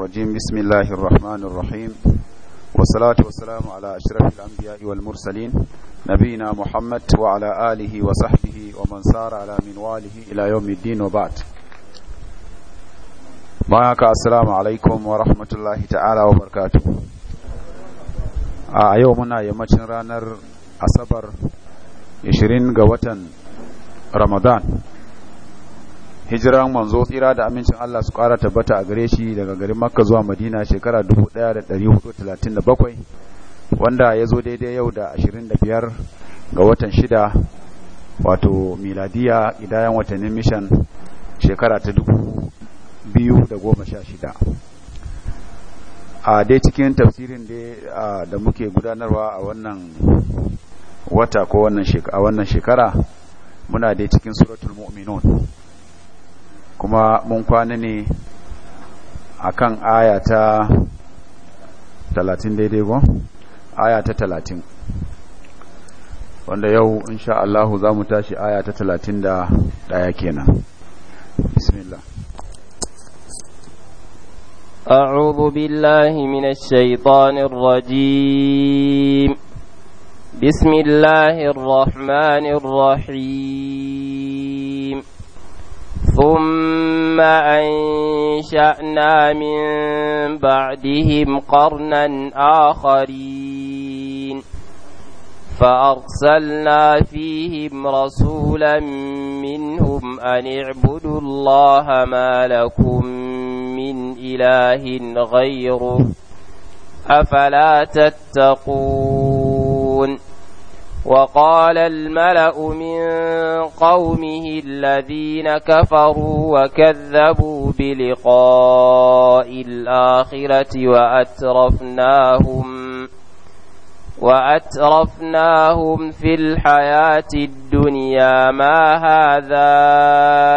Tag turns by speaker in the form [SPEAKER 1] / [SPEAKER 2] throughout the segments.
[SPEAKER 1] الرجيم بسم الله الرحمن الرحيم والصلاة والسلام على أشرف الأنبياء والمرسلين نبينا محمد وعلى آله وصحبه ومن سار على منواله إلى يوم الدين وبعد معك السلام عليكم ورحمة الله تعالى وبركاته a yau muna yammacin ranar asabar 20 ga watan ramadan hijiran manzo tsira da amincin Allah su ƙara tabbata a gare shi daga garin Makka zuwa Madina shekara 1437 wanda ya zo daidai yau da 25 ga watan 6 wato miladiya idayan watannin mishan shekara ta 2016 a dai cikin tafsirin da muke gudanarwa a wannan wata ko wannan shekara muna dai cikin suratul mu'minun kuma mun kwana ne akan aya ta 30 daidai go aya ta 30 wanda yau insha Allah za mu tashi aya ta daya kenan bismillah
[SPEAKER 2] أعوذ بالله من الشيطان الرجيم بسم الله الرحمن الرحيم ثم أنشأنا من بعدهم قرنا آخرين فأرسلنا فيهم رسولا منهم أن اعبدوا الله ما لكم من إله غيره أفلا تتقون وقال الملأ من قومه الذين كفروا وكذبوا بلقاء الآخرة وأترفناهم وأترفناهم في الحياة الدنيا ما هذا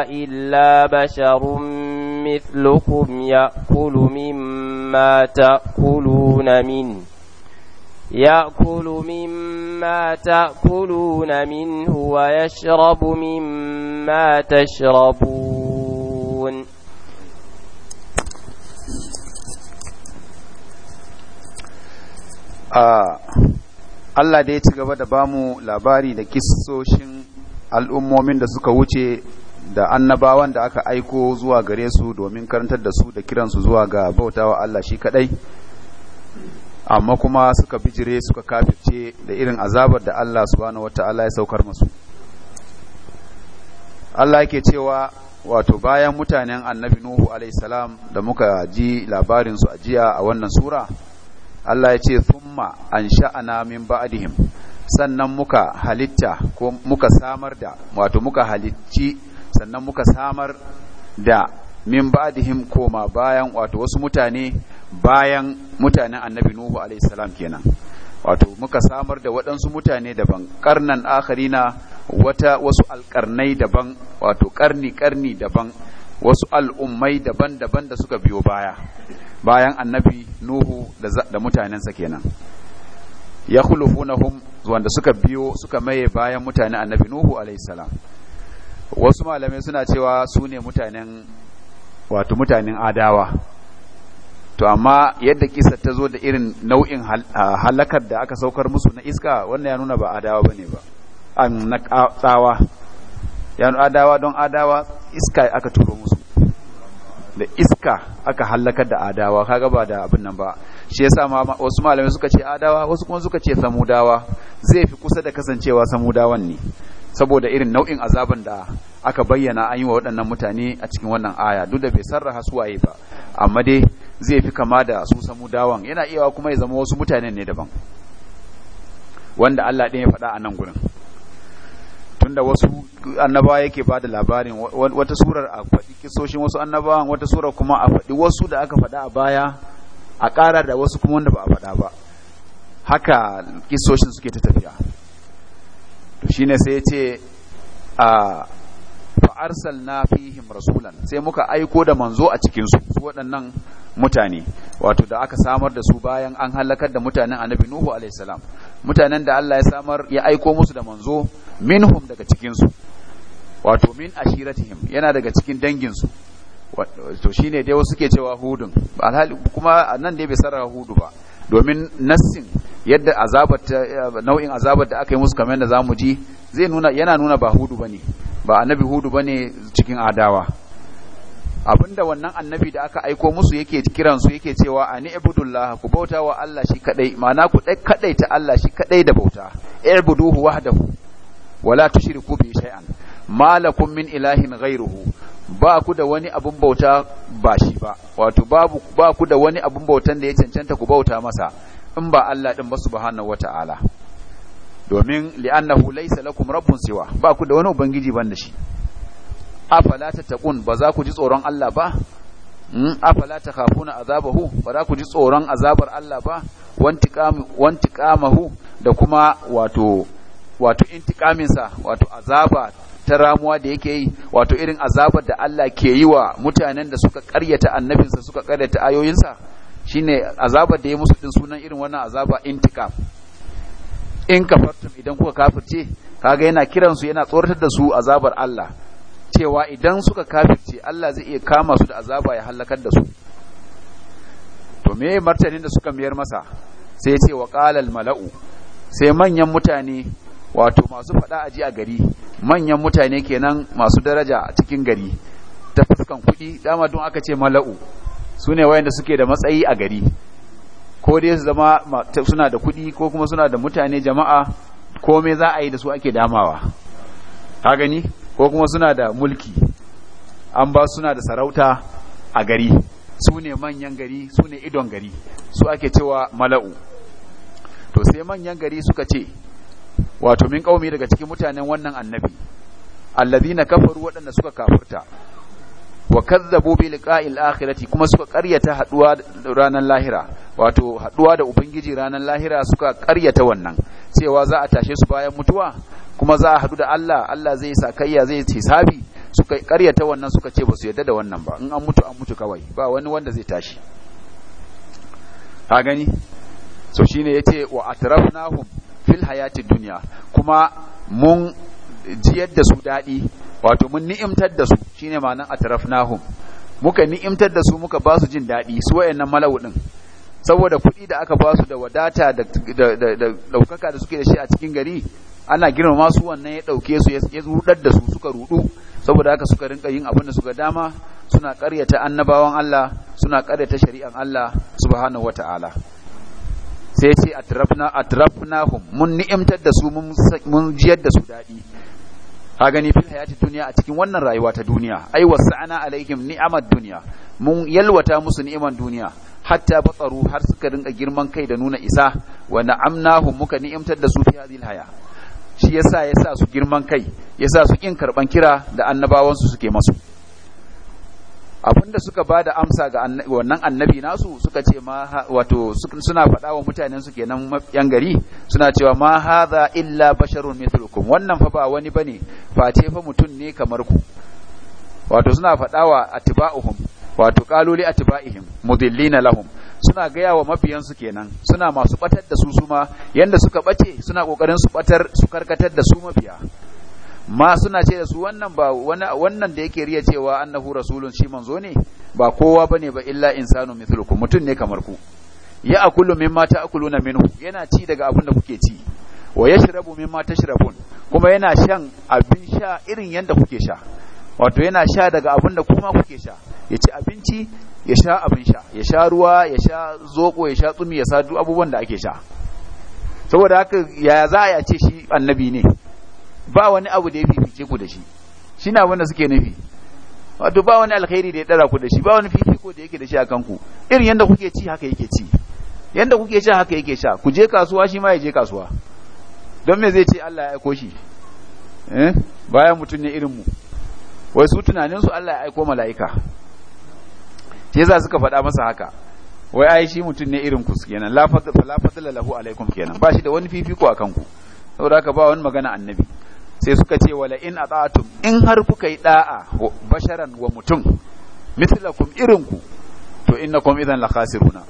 [SPEAKER 2] إلا بشر مثلكم يأكل مما تأكلون منه يأكل مما تأكلون منه ويشرب مما تشربون Allah
[SPEAKER 1] da ya ci gaba da bamu labari da kisoshin al'ummomin da suka wuce da annabawan da aka aiko zuwa gare su domin karantar da su da kiransu zuwa ga bautawa Allah shi kadai amma kuma suka bijire suka kafirce da irin azabar da Allah subhanahu wataala ya saukar musu. Allah yake cewa wato bayan mutanen annabi Nuhu alaihi salam da muka ji labarin su a jiya a wannan sura Allah ya ce thumma ansha'ana min ba'dihim sannan muka halitta ko muka samar da wato muka halicci sannan muka samar da min ba'dihim koma bayan wato wasu mutane bayan mutanen annabi nuhu alaihi salam kenan wato muka samar da waɗansu mutane daban karnan akharina wata wasu alƙarnai daban wato ƙarni ƙarni daban wasu al'ummai daban-daban da suka biyo baya bayan annabi nuhu da mutanensa kenan ya khulufunahum wanda suka biyo suka maye bayan mutanen annabi nuhu alaihi salam wasu malamai suna cewa su ne mutanen wato mutanen adawa to amma yadda kisa ta zo da irin nau'in halakar da aka saukar musu na iska wannan ya nuna ba adawa ba ne ba na tsawa ya nuna adawa don adawa iska aka turo musu da iska aka halakar da adawa kaga ba da abin nan ba shi ya sa wasu malamai suka ce adawa wasu kuma suka ce samudawa zai fi kusa da kasancewa samudawan ne saboda irin nau'in azaban da aka bayyana an yi wa waɗannan mutane a cikin wannan aya duk da bai sarraha suwaye ba amma dai zai fi kama da su dawon yana iya kuma ya zama wasu mutanen ne daban wanda Allah ɗin ya faɗa a nan gurin tunda wasu annabawa yake ba da labarin wata surar a faɗi kisoshin wasu annabawan wata surar kuma a faɗi wasu da aka faɗa a baya a ƙara da wasu kuma wanda ba a faɗa ba haka kisoshin suke ta tafiya to shine sai ce a fa'arsal na fihim rasulan sai muka aiko da manzo a cikinsu su waɗannan mutane wato da aka samar da su bayan an halakar da mutanen annabi nuhu a.s. mutanen da Allah ya samar ya aiko musu da manzo minhum daga cikin su wato min ashiratihim yana daga cikin danginsu su shi shine dai wasu ke cewa hudun alhali kuma nan dai bai sarrafa hudu ba domin nassin yadda azabar nau'in azabar da aka yi musu kamar da zamu ji zai nuna yana nuna ba hudu bane ba annabi hudu ne cikin adawa abinda wannan annabi da aka aiko musu yake kiran su yake cewa ani ibudullah ku bauta wa Allah shi kadai ma'ana ku dai kadai ta Allah shi kadai da bauta ibuduhu wahdahu wala tushriku bi shay'an malakum min ilahin ghayruhu ba ku da wani abun bauta ba shi ba wato babu ba ku da wani abun bautan da ya cancanta ku bauta masa in ba Allah din ba subhanahu wata'ala domin li'annahu laysa lakum rabbun siwa ba ku da wani ubangiji ban da shi afala tattaqun ba za ku ji tsoron Allah ba in hmm, afala takhafuna azabahu ba za ku ji tsoron azabar Allah ba wanti kamahu da kuma wato wato wato azaba ta ramuwa da yake yi wato irin azabar da Allah ke yi wa mutanen da suka karyata annabinsa suka karyata ayoyinsa shine azabar da ya musu din sunan irin wannan azaba intika in kafartum idan kuka kafirce kaga yana kiransu yana tsoratar da su azabar Allah cewa idan suka kafirce Allah zai iya kama su da azaba ya halakar da su to me martanin da suka miyar masa sai ce wa qalal mala'u sai manyan mutane wato masu fada aji a gari manyan mutane kenan masu daraja a cikin gari ta fuskan kuɗi dama don aka ce mala'u su ne wayanda suke da matsayi a gari ko dai su zama suna da kuɗi ko kuma suna da mutane jama'a ko me za a yi da su ake damawa ka gani ko kuma suna da mulki an ba suna da sarauta a gari su ne manyan gari su ne idon gari su ake cewa mala'u to sai manyan gari suka ce wato min kaumi daga cikin mutanen wannan annabi allazina kafaru waɗanda suka kafurta wa kazzabu bi liqa'il akhirati kuma suka karyata haduwa ranar lahira wato haduwa da ubangiji ranar lahira suka karyata wannan cewa za a tashe su bayan mutuwa kuma za a hadu da Allah Allah zai kaiya zai hisabi suka karyata wannan suka ce ba su yarda da wannan ba in an mutu an mutu kawai ba wani wanda zai tashi ka gani so shine yace wa atrafnahum fil hayatin dunya kuma mun jiyar da su daɗi wato mun ni'imtar da su shine ma'anar atrafnahum muka ni'imtar da su muka ba su jin daɗi su wayannan malawu saboda kuɗi da aka ba su da wadata da ɗaukaka da suke da shi a cikin gari ana girmama su wannan ya ɗauke su ya rudar da su suka rudu saboda haka suka rinka yin abin da suka dama suna ƙaryata annabawan Allah suna ƙaryata shari'an Allah subhanahu wata'ala sai ce atrafna atrafnahum mun ni'imtar da su mun jiyar da su daɗi ka gani fil hayati duniya a cikin wannan rayuwa ta duniya ai wasa'ana alaihim ni'amad duniya mun yalwata musu ni'iman duniya hatta batsaru har suka rinka girman kai da nuna isa wa na'amnahum muka ni'imtar da su fi hadhihi haya shi yasa yasa su girman kai yasa su kin karban kira da annabawansu suke masu da suka ba da amsa ga wannan annabi nasu suka ce ma wato suna faɗa wa mutanen su kenan yan gari suna cewa ma hadha illa basharun mithlukum wannan fa ba wani bane face fa mutun ne kamar ku wato suna faɗa wa atba'uhum wato qaluli atba'ihim mudillina lahum suna gaya wa mabiyansu kenan suna masu batar da su suma yanda suka bace suna kokarin su batar su karkatar da su mabiya ma suna ce da su wannan ba wannan da yake riya cewa annahu rasulun shi manzo ne ba kowa bane ba illa insanu mithlukum mutun ne kamar ku ya akulu mimma ta'kuluna minhu yana ci daga abin da kuke ci wa yashrabu mimma tashrabun kuma yana shan abin sha irin yanda kuke sha wato yana sha daga abin da kuma kuke sha ya ci abinci ya sha abin sha ya sha ruwa ya sha zoko ya sha tsumi ya sa abubuwan da ake sha saboda haka yaya za a ce shi annabi ne ba wani abu da ya fifice ku da shi shi na wanda suke nufi wato ba wani alkhairi da ya dara ku da shi ba wani fifiko da yake da shi a kanku irin yadda kuke ci haka yake ci yadda kuke sha haka yake sha ku je kasuwa shi ma ya je kasuwa don me zai ce Allah ya aiko shi eh bayan mutum ne irin mu wai su tunanin su Allah ya aiko mala'ika ke za suka faɗa masa haka wai ai shi mutum ne irin ku kenan la fadla lahu alaikum kenan ba shi da wani fifiko a kanku, saboda haka ba wani magana annabi sai suka ce wala in ata'tum in har kuka yi da'a basharan wa mutum mithlakum irinku to innakum idan la khasiruna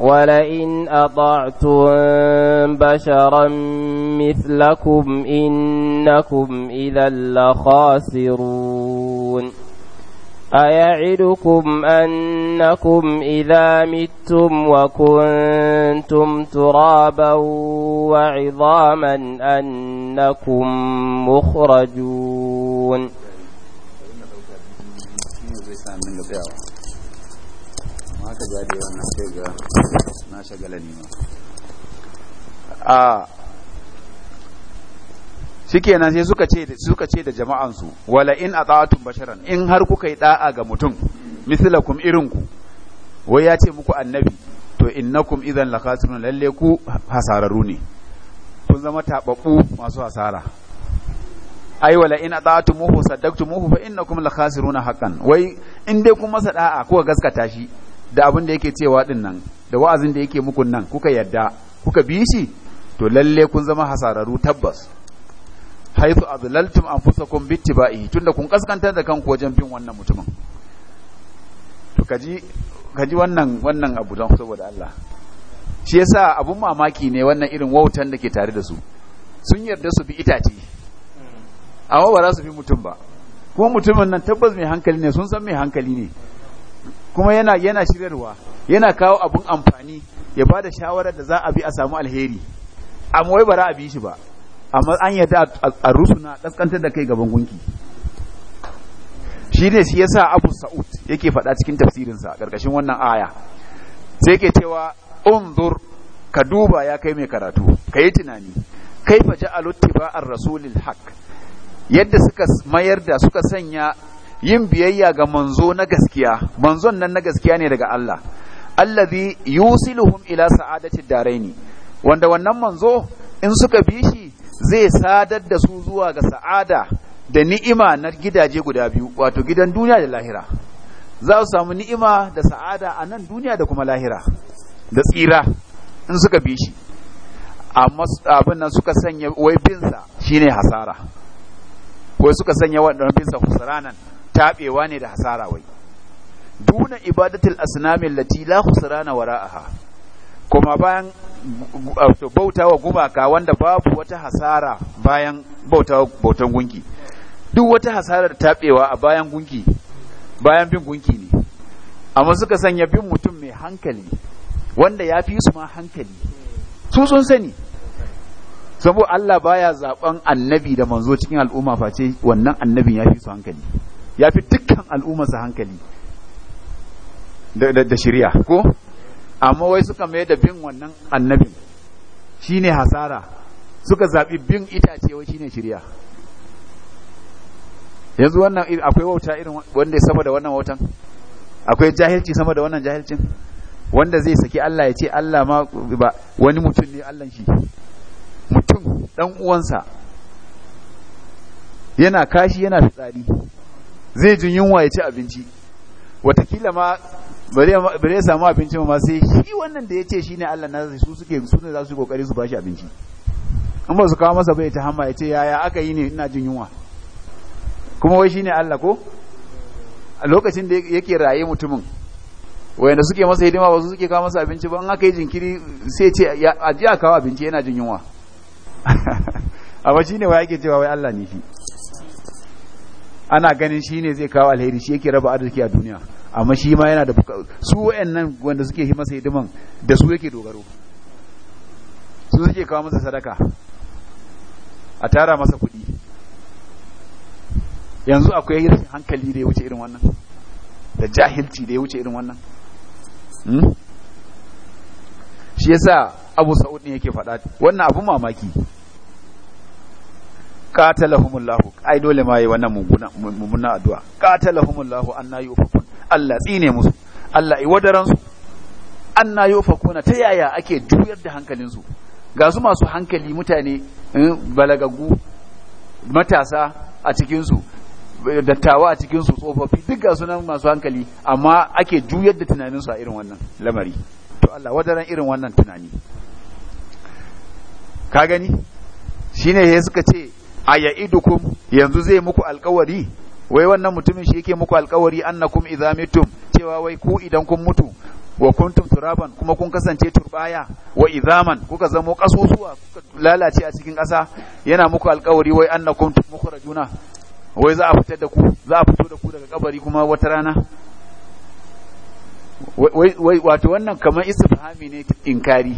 [SPEAKER 2] ولئن أطعتم بشرا مثلكم idan la لخاسرون أيعدكم أنكم إذا متم وكنتم ترابا وعظاما أنكم مخرجون
[SPEAKER 1] آه nan sai suka ce suka ce da jama'ansu wala in ata'atum basharan in har kuka yi da'a ga mutum mislakum irinku wai ya ce muku annabi to innakum idan lakasirun lalle ku hasararu ne kun zama tababbu masu hasara ai wala in ata'atumuhu muhu fa innakum lakasiruna haqqan wai in dai kun masa da'a kuka gaskata shi da abin da yake cewa din nan da wa'azin da yake muku nan kuka yadda kuka bi shi to lalle kun zama hasararu tabbas haifu a anfusakum bittiba'i tunda kun kaskantar da kanku wajen bin wannan mutumin to kaji ji wannan abu don saboda Allah shi ya sa abun mamaki ne wannan irin wautan da ke tare da su sun yarda su bi itace amma ba su bi mutum ba kuma mutumin nan tabbas mai hankali ne sun san mai hankali ne kuma yana yana shiryarwa yana kawo abin amfani ya ba da shawarar da za a bi a samu alheri amma wai ba a bi shi ba amma an yi a rusuna ƙaskantar da kai gaban gunki shi ne shi sa abu sa'ud yake faɗa cikin tafsirinsa ƙarƙashin wannan aya sai ke cewa unzur ka duba ya kai mai karatu ka yi tunani kaifa ja'alu a rasulil haq yadda suka mayar da suka sanya yin biyayya ga manzo na gaskiya manzon nan na gaskiya ne daga Allah allazi yusiluhum ila sa'adati daraini wanda wannan manzo in suka bi shi zai sadar da su zuwa ga sa'ada da ni'ima na gidaje guda biyu wato gidan duniya da lahira za su samu ni'ima da sa'ada a nan duniya da kuma lahira da tsira in suka bi shi amma abin nan suka sanya wai binsa ne hasara ko suka sanya waifinsa binsa nan taɓewa ne da hasara wai duna ibadatul asinamin lati la na wara'aha kuma bayan bautawa gumaka wanda babu wata hasara bayan wa bautan gunki duk wata hasara hasarar taɓewa a bayan gunki bayan bin gunki ne amma suka sanya bin mutum mai hankali wanda ya fi su ma hankali su sun sani sabo Allah baya zaben annabi da manzo cikin al'umma face wannan annabin ya fi su hankali ya fi dukkan al'ummarsa hankali da shirya ko amma wai suka mai da bin wannan annabin shine hasara suka zaɓi bin itace wai shine shirya yanzu wannan akwai wauta irin wanda ya sama da wannan wautan akwai jahilci sama da wannan jahilcin wanda zai saki Allah ya ce Allah ma ba wani mutum ne Allah shi mutum dan uwansa yana kashi yana fitsari zai jin yunwa ya ci abinci watakila ma bare ya samu abinci ma sai shi wannan da ya ce shi ne Allah na su suke su ne za su yi kokari su bashi abinci an ba su kawo masa bai ta hama ya ce yaya aka yi ne ina jin yunwa kuma wai shi ne Allah ko a lokacin da yake raye mutumin wayanda suke masa hidima ba su suke kawo masa abinci ba an aka yi jinkiri sai ce a ji a kawo abinci yana jin yunwa amma shi ne wa yake cewa wai Allah ne shi ana ganin shi ne zai kawo alheri shi yake raba arziki a duniya amma shi ma yana da su nan wanda suke shi masa hidiman da su yake dogaro su suke kawo masa sadaka a tara masa kuɗi yanzu akwai rashin hankali da ya wuce irin wannan da jahilci da ya wuce irin wannan hmm? shi yasa abu sa'ud ne yake faɗa wannan abun mamaki qatalahumullahu ai dole ma yi wannan muguna mumuna addu'a qatalahumullahu anna yufakun Allah tsine musu Allah i wadaran su anna yufakuna ta yaya ake juyar da hankalin su ga su masu hankali mutane eh, balagagu matasa a cikin su dattawa a cikin su tsofaffi duk ga nan masu hankali amma ake juyar da tunanin su a irin wannan lamari to Allah wadaran irin wannan tunani ka gani shine ya suka ce a ya'idukum yanzu zai muku alkawari wai wannan mutumin shi yake muku alkawari annakum idza mitum cewa wai ku idan kun mutu wa kuntum turaban kuma kun kasance turbaya wa izaman kuka zamo kasusuwa kuka lalace a cikin ƙasa yana muku alkawari wai annakum mukhrajuna wai za a fitar da ku za a fito da ku daga kabari kuma wata rana wai wato wannan kamar istifhami ne inkari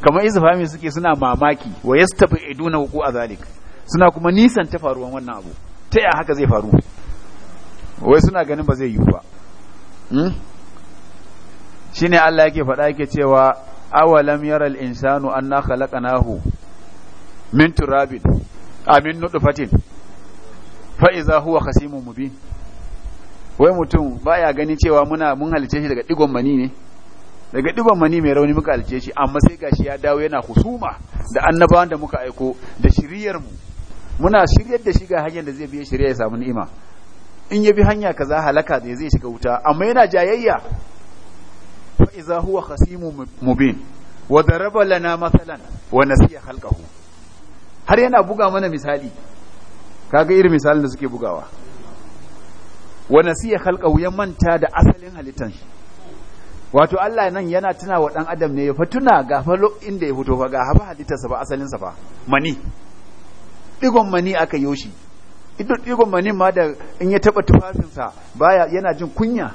[SPEAKER 1] kamar istifhami suke suna mamaki wa yastabi'iduna wuqu azalik suna kuma nisan ta faruwan wannan abu ta yaya haka zai faru wai suna ganin ba zai yiwu ba hmm? shine Allah yake faɗa yake cewa awalam yara insanu anna khalaqnahu min turabin a min nutfatin fa idza huwa khasimun mubin wai mutum baya gani cewa muna mun halice shi daga digon mani ne daga digon mani mai rauni muka halice shi amma sai gashi ya dawo yana husuma da annabawan da muka aiko da shiriyar mu muna shiryar da shiga hanyar da zai biye shirya ya samu ni'ima in ya bi hanya kaza halaka da zai shiga wuta amma yana jayayya fa iza huwa khasimu mubin wa daraba lana mathalan wa nasiya khalqahu har yana buga mana misali kaga irin misalin da suke bugawa wa nasiya khalqahu ya manta da asalin halittan shi wato Allah nan yana tuna wa dan adam ne ya fa tuna ga fa inda ya fito fa ga hafa halittarsa ba asalin sa fa mani digon mani aka yoshi idan digon mani ma da in ya taba tufafinsa baya yana jin kunya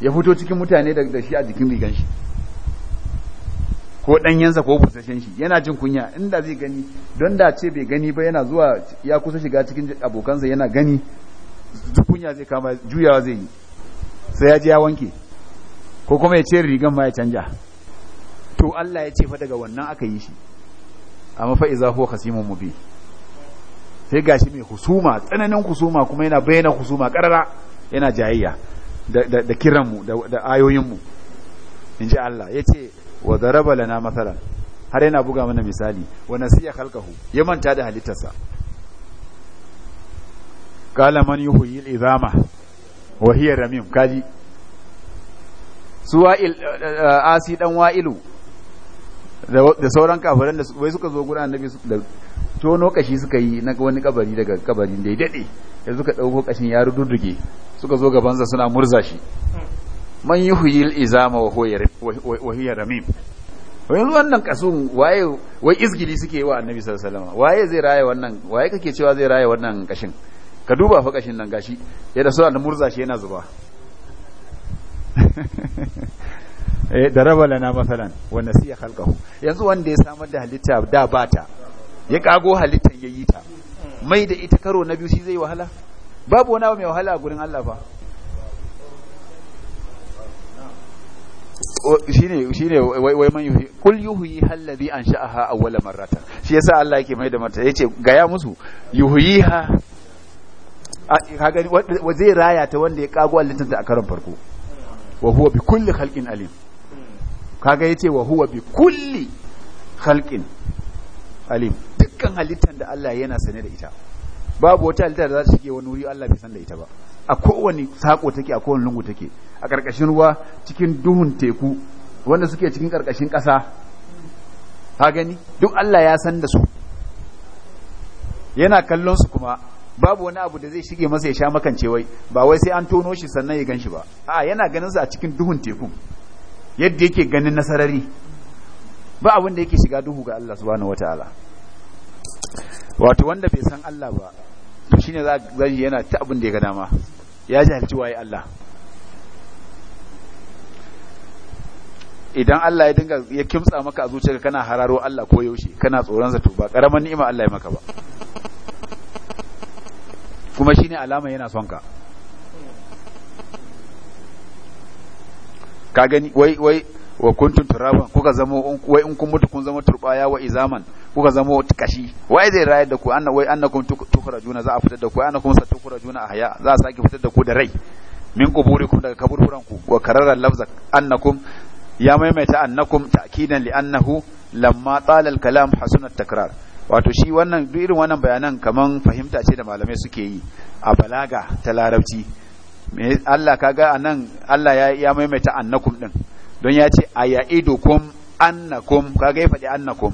[SPEAKER 1] ya fito cikin mutane da shi a jikin rigan shi ko ɗanyensa ko busashen shi yana jin kunya inda zai gani don da ce bai gani ba yana zuwa ya kusa shiga cikin abokansa yana gani kunya zai kama juyawa zai yi sai ya je ya wanke ko kuma ya ce rigan ma ya canja to Allah ya ce fa daga wannan aka yi shi amma fa iza huwa khasimun mubin sai gashi mai husuma tsananin husuma kuma yana bayyana husuma karara yana jayayya da kiranmu da ayoyinmu in ji Allah ya ce wa zaraba lana matsalan har yana buga mana misali wa nasiya halkahu ya manta da halittarsa kala man yuhyi al-izama wa hiya ramim kaji su wa'il eh, eh, asi dan wa'ilu da sauran kafiran da wai suka zo gurin annabi tono kashi suka yi na wani kabari daga kabarin da ya dade da suka dauko kashin ya rududduge suka zo gabansa suna murza shi man yuhyil izama wa huwa ramim yanzu wannan kasun waye wai izgili suke wa annabi sallallahu alaihi wasallam waye zai raye wannan waye kake cewa zai raye wannan kashin ka duba fa kashin nan gashi yadda suna da murza shi yana zuba eh daraba na masalan wa nasiya khalqahu yanzu wanda ya samar da halitta da bata ya kago halittar ya yi ta mai da ita karo na biyu shi zai wahala babu wani abu mai wahala a gurin Allah ba shine shine wai wai man yuhi kul sha'a ha ansha'aha awwala marrata shi yasa Allah yake mai da mata yace gaya ya musu yuhyiha ka gani zai raya ta wanda ya kago halittar ta a karon farko wa huwa bi kulli khalqin alim kaga yace wa huwa bi kulli khalqin alim dukkan halittar da Allah yana sane da ita babu wata halitta da za ta shige wani wuri Allah bai san da ita ba a kowane sako take a kowane lungu take a ƙarƙashin ruwa cikin duhun teku wanda suke cikin ƙarƙashin ƙasa ka gani duk Allah ya san da su yana kallon su kuma babu wani abu da zai shige masa ya sha makance wai ba wai sai an tono shi sannan ya ganshi ba a yana ganin sa a cikin duhun teku yadda yake ganin nasarari ba abin da yake shiga duhu ga Allah subhanahu wataala wato wanda bai san Allah ba to shine za zai yana ta abin da ya ga dama ya jahilci waye Allah idan Allah ya dinga ya kimtsa maka a zuciyarka kana hararo Allah ko yaushe kana tsoron sa to ba karaman ni'ima Allah ya maka ba kuma shine alama yana son ka ka gani wai wai wa kuntum turaban kuka zama wai in kun mutu kun zama turbaya wa izaman kuka wata kashi wai zai rayar da ku anna wai tukura juna za a fitar da ku tukura juna a haya za a sake fitar da ku da rai min quburikum daga kaburburan ku wa kararar lafzak annakum ya maimaita annakum ta'kidan li annahu lamma tala al kalam hasuna takrar wato shi wannan duk irin wannan bayanan kaman fahimta ce da malamai suke yi a balaga ta larabci Allah kaga anan Allah ya maimaita annakum din don ya ce a ya'idukum annakum kaga ya faɗi annakum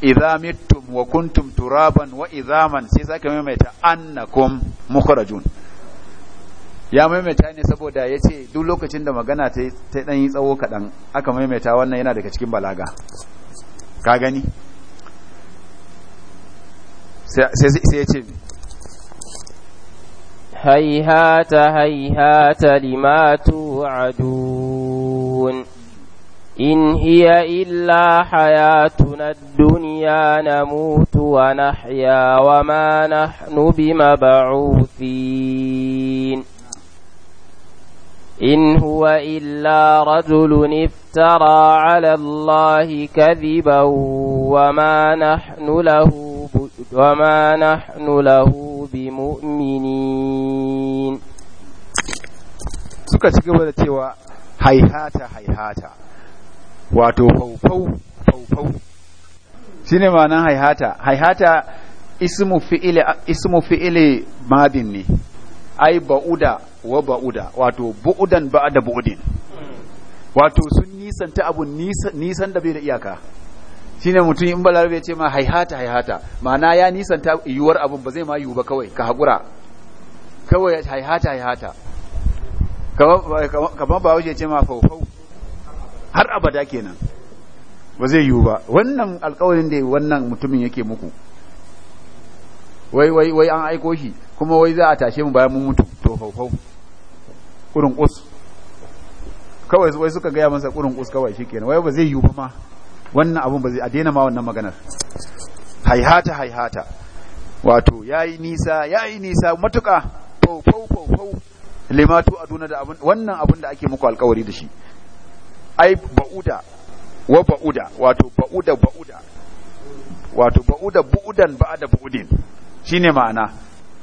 [SPEAKER 1] idza mittum wa kuntum turaban wa izaman sai saka maimaita annakum mukhrajun ya maimaita ne saboda ya ce duk lokacin da magana ta ɗan yi tsawo kaɗan aka maimaita wannan yana daga cikin balaga ka gani
[SPEAKER 2] sai ya ce haihata haihata limatu adun إن هي إلا حياتنا الدنيا نموت ونحيا وما نحن بمبعوثين إن هو إلا رجل افترى على الله كذبا وما نحن له وما نحن له بمؤمنين
[SPEAKER 1] suka ci gaba da cewa haihata haihata wato faufau faufau shine ma'anar haihata haihata ismu fi'ili madin ne ai ba'uda wa ba'uda wato bu'udan da bu'udin wato sun nisanta abu nisan, da bai da iyaka shine mutum in balar bai ce ma haihata haihata ma'ana ya nisanta yiwuwar abun ba zai ma yiwu ba kawai ka haƙura kawai haihata haihata kamar ba wajen ce ma faufau har abada kenan ba zai yiwu ba wannan alkawarin da wannan mutumin yake muku wai wai wai an aiko shi kuma wai za a tashe mu bayan mun mutu to faufau kurin kus kawai wai suka gaya masa kurin kus kawai shi kenan wai ba zai yiwu ba ma wannan abun ba zai a daina ma wannan maganar haihata haihata wato yayi nisa yayi nisa matuka faufau faufau limatu aduna da abun wannan abun da ake muku alkawari da shi ai ba'uda wa ba'uda wato ba'uda ba'uda wato ba'uda bu'udan ba'da bu'udin shine ma'ana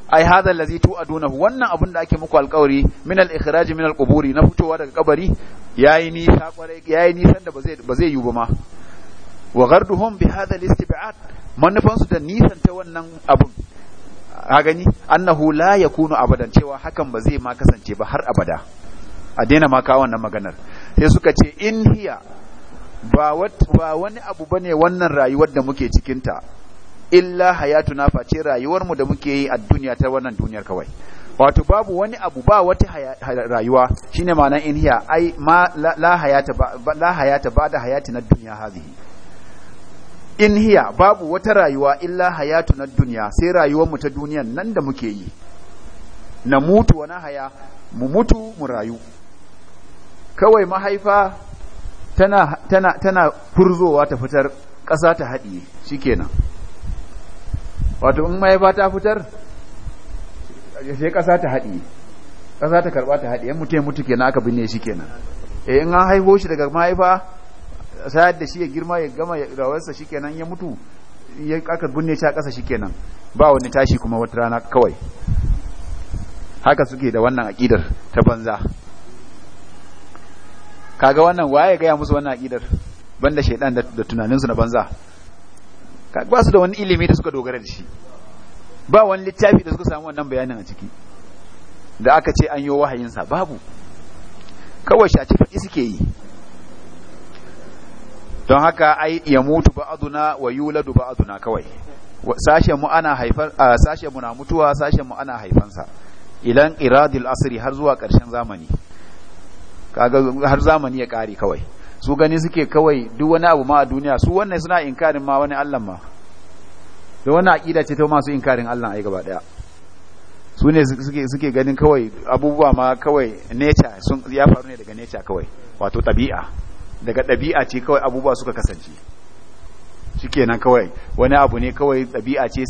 [SPEAKER 1] ai hadha allazi tu'adunahu wannan abin da ake muku alƙawari min al-ikhraj min al-quburi na fitowa daga kabari yayi nisa kwarai yayi nisan da bazai bazai yi ba ma wa garduhum bi hadha al-istib'ad manufan su da nisan ta wannan abun a gani annahu la yakunu abadan cewa hakan ba zai ma kasance ba har abada a daina ma wannan maganar sai suka ce in hiya ba wani abu bane wannan rayuwar da muke cikinta illa hayatuna face rayuwarmu da muke yi a duniya ta wannan duniyar kawai wato babu wani abu ba wata rayuwa shine ma'anar in hiya ai ma la hayata ba la hayata ba da hayati na duniya hazihi in hiya babu wata rayuwa illa hayatu na duniya sai rayuwarmu ta duniyan nan da muke yi na mutu wani haya mu mutu mu rayu kawai mahaifa tana tana tana furzowa ta fitar ƙasa ta haɗiye kenan, wato in mahaifa ta fitar sai ƙasa ta haɗiye ƙasa ta karɓa ta haɗiye mutum mutu kenan aka binne shi kenan eh in an haifo shi daga mahaifa sayar da shi ya girma ya gama rawarsa kenan ya mutu ya aka binne shi a ƙasa shi kenan, ba wani tashi kuma wata rana kawai haka suke da wannan aƙidar ta banza kaga wannan waye gaya musu wannan aqidar banda shaidan da tunaninsu na banza ba su da wani ilimi da suka dogara da shi ba wani littafi da suka samu wannan bayanin a ciki da aka ce an yi wahayinsa babu kawai shaci faɗi suke yi don haka ai ya mutu aduna wa yuladu aduna kawai sashen mu ana haifar sashen mu na mutuwa sashen mu ana haifansa ilan iradil asri har zuwa ƙarshen zamani kaga har zamani ya kare kawai su gani suke kawai duk wani abu ma a duniya su wannan suna inkarin ma wani Allah ma da wani aqida ce ta masu inkarin Allah ai gaba daya su ne suke suke ganin kawai abubuwa ma kawai nature sun ya faru ne daga nature kawai wato tabi'a daga ɗabi'a ce kawai abubuwa suka kasance shikenan kawai wani abu ne kawai ɗabi'a ce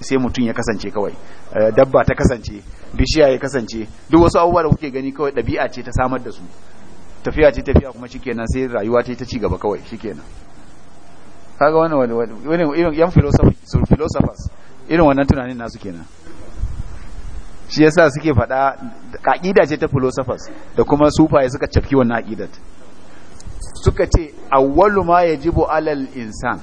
[SPEAKER 1] sai mutum ya kasance kawai eh, dabba ta kasance bishiya ya kasance duk wasu abubuwa da kuke gani kawai ɗabi'a ce ta samar da su tafiya ce tafiya kuma shikenan sai rayuwa ce ta cigaba kawai kawai shikenan kaga wani wani irin yan philosophers irin wannan tunanin nasu kenan shi yasa suke faɗa ƙa'ida ce ta philosophers da kuma sufaye suka cafki wannan aqidat suka ce awwalu ma yajibu alal insan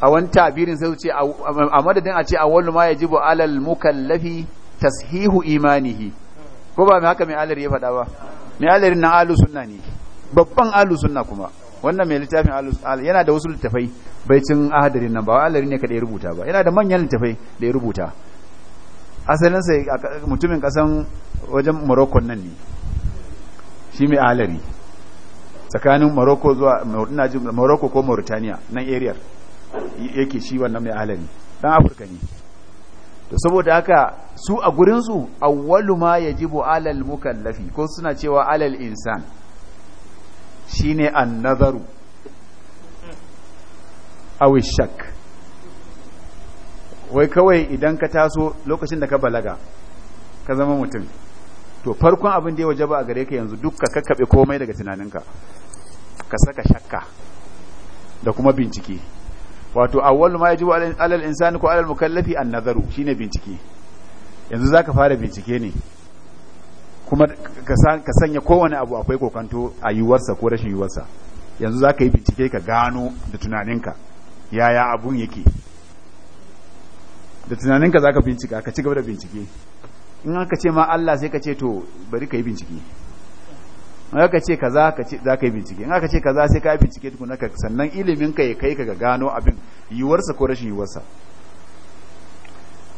[SPEAKER 1] a wani tabirin sai su ce a madadin a ce a wani ma ya ji alal mukallafi tashihu imanihi ko ba mai haka mai alir ya faɗa ba mai alirin na alu sunna ne babban alu sunna kuma wannan mai littafin alu yana da wasu littafai bai cin ahadarin nan ba alirin ne kaɗai ya rubuta ba yana da manyan littafai da ya rubuta asalin sai mutumin kasan wajen Morocco nan ne shi mai alari tsakanin Morocco zuwa ina Morocco ko Mauritania nan area yake shi wannan mai alami dan afirka ne to saboda haka su a gurinsu awwalu ma yajibu alal mukallafi ko suna cewa alal insan shine an-nazaru awi shak wai kawai idan ka taso lokacin da ka balaga ka zama mutum to farkon abin da ya wajaba a gare ka yanzu dukka ka kakkabe komai daga tunaninka ka saka shakka da kuma bincike wato awwalu ma yajibu alal insani ko alal mukallafi an nazaru shine bincike yanzu zaka fara bincike ne kuma ka sanya kowane abu akwai kokanto a sa ko rashin sa yanzu zaka yi bincike ka gano da tunaninka yaya abun yake da tunaninka zaka bincika ka ci gaba da bincike in aka ce ma Allah sai ka ce to bari ka yi bincike in aka ce kaza za ka yi bincike in aka ce kaza sai ka yi bincike tukuna ka sannan ilimin ka ya kai ka ga gano abin yiwuwarsa ko rashin yiwuwarsa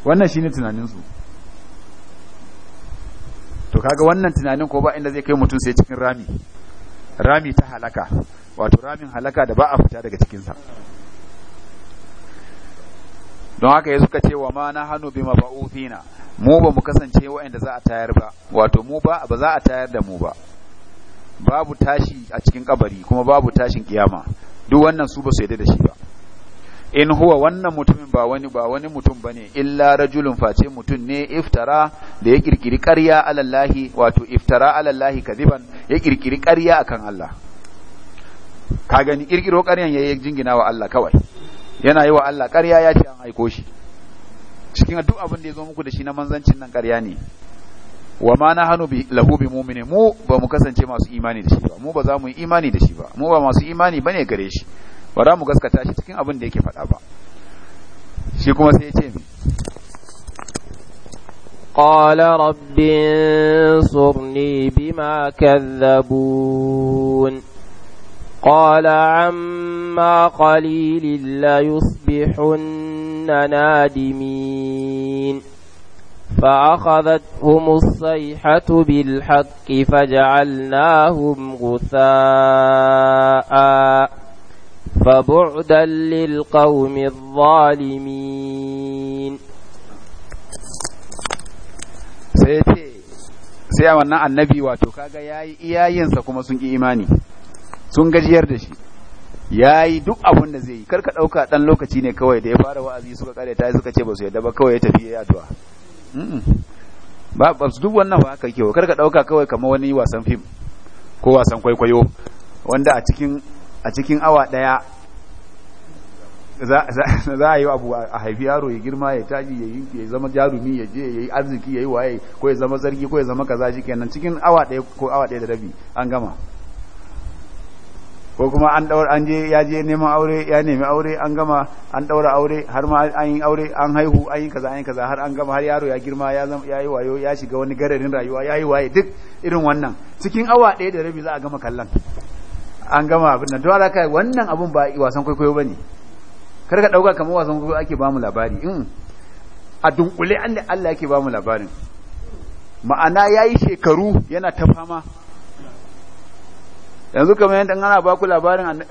[SPEAKER 1] wannan shine tunanin su to kaga wannan tunanin ko ba inda zai kai mutum sai cikin rami rami ta halaka wato ramin halaka da ba a fita daga cikinsa don haka ya suka ce wa ma na hannu bi mafa'ufina mu ba mu kasance waɗanda za a tayar ba wato mu ba ba za a tayar da mu ba babu tashi a cikin kabari kuma babu tashin kiyama duk wannan su ba su yadda da shi ba in huwa wannan mutumin ba wani ba wani mutum bane illa rajulun face mutum ne iftara da ya kirkiri ƙarya alallahi wato iftara alallahi kadiban ya kirkiri ƙarya akan Allah ka gani kirkiro ƙaryan yayi jingina wa Allah kawai yana yi wa Allah ƙarya ya ce an aiko shi cikin duk abin da ya zo muku da shi na manzancin nan ƙarya ne wa ma na hannu lahu bi mu'mini mu ba mu kasance masu imani da shi ba mu ba za mu yi imani da shi ba mu ba masu imani ne gare shi ba za mu gaskata shi cikin abin da yake faɗa ba shi kuma sai ya ce mi
[SPEAKER 2] قال رب انصرني بما كذبون قال عما قليل ليصبحن نادمين فأخذتهم الصيحة بالحق فجعلناهم غثاء فبعدا للقوم الظالمين
[SPEAKER 1] سيتي sai wannan annabi wato kaga yayi iyayensa kuma sun ki imani sun gajiyar da shi yayi duk abin da zai yi karka dauka dan lokaci ne kawai da ya fara wa'azi suka kare ta suka ce ba su yadda ba kawai ya tafi ya addu'a ba ba duk wannan ba haka yake kar ka dauka kawai kama wani wasan fim ko wasan kwaikwayo wanda a cikin a cikin awa daya za a yi abu a haifi yaro ya girma ya taji ya yi ya zama jarumi ya je ya yi arziki ya yi waye ko ya zama sarki ko ya zama kaza shi kenan cikin awa daya ko awa daya da rabi an gama ko kuma an daura an je ya je neman aure ya nemi aure an gama an daura aure har ma an yi aure an haihu an yi kaza an yi kaza har an gama har yaro ya girma ya zama yi wayo ya shiga wani gararin rayuwa ya yi waye duk irin wannan cikin awa ɗaya da rabi za a gama kallon an gama abin nan to kai wannan abun ba wasan kwaikwayo bane kar ka dauka kamar wasan kwaikwayo ake bamu labari in mm. a dunkule an da Allah yake bamu labarin ma'ana yayi shekaru yana ta fama yanzu kamar yadda ana baku labarin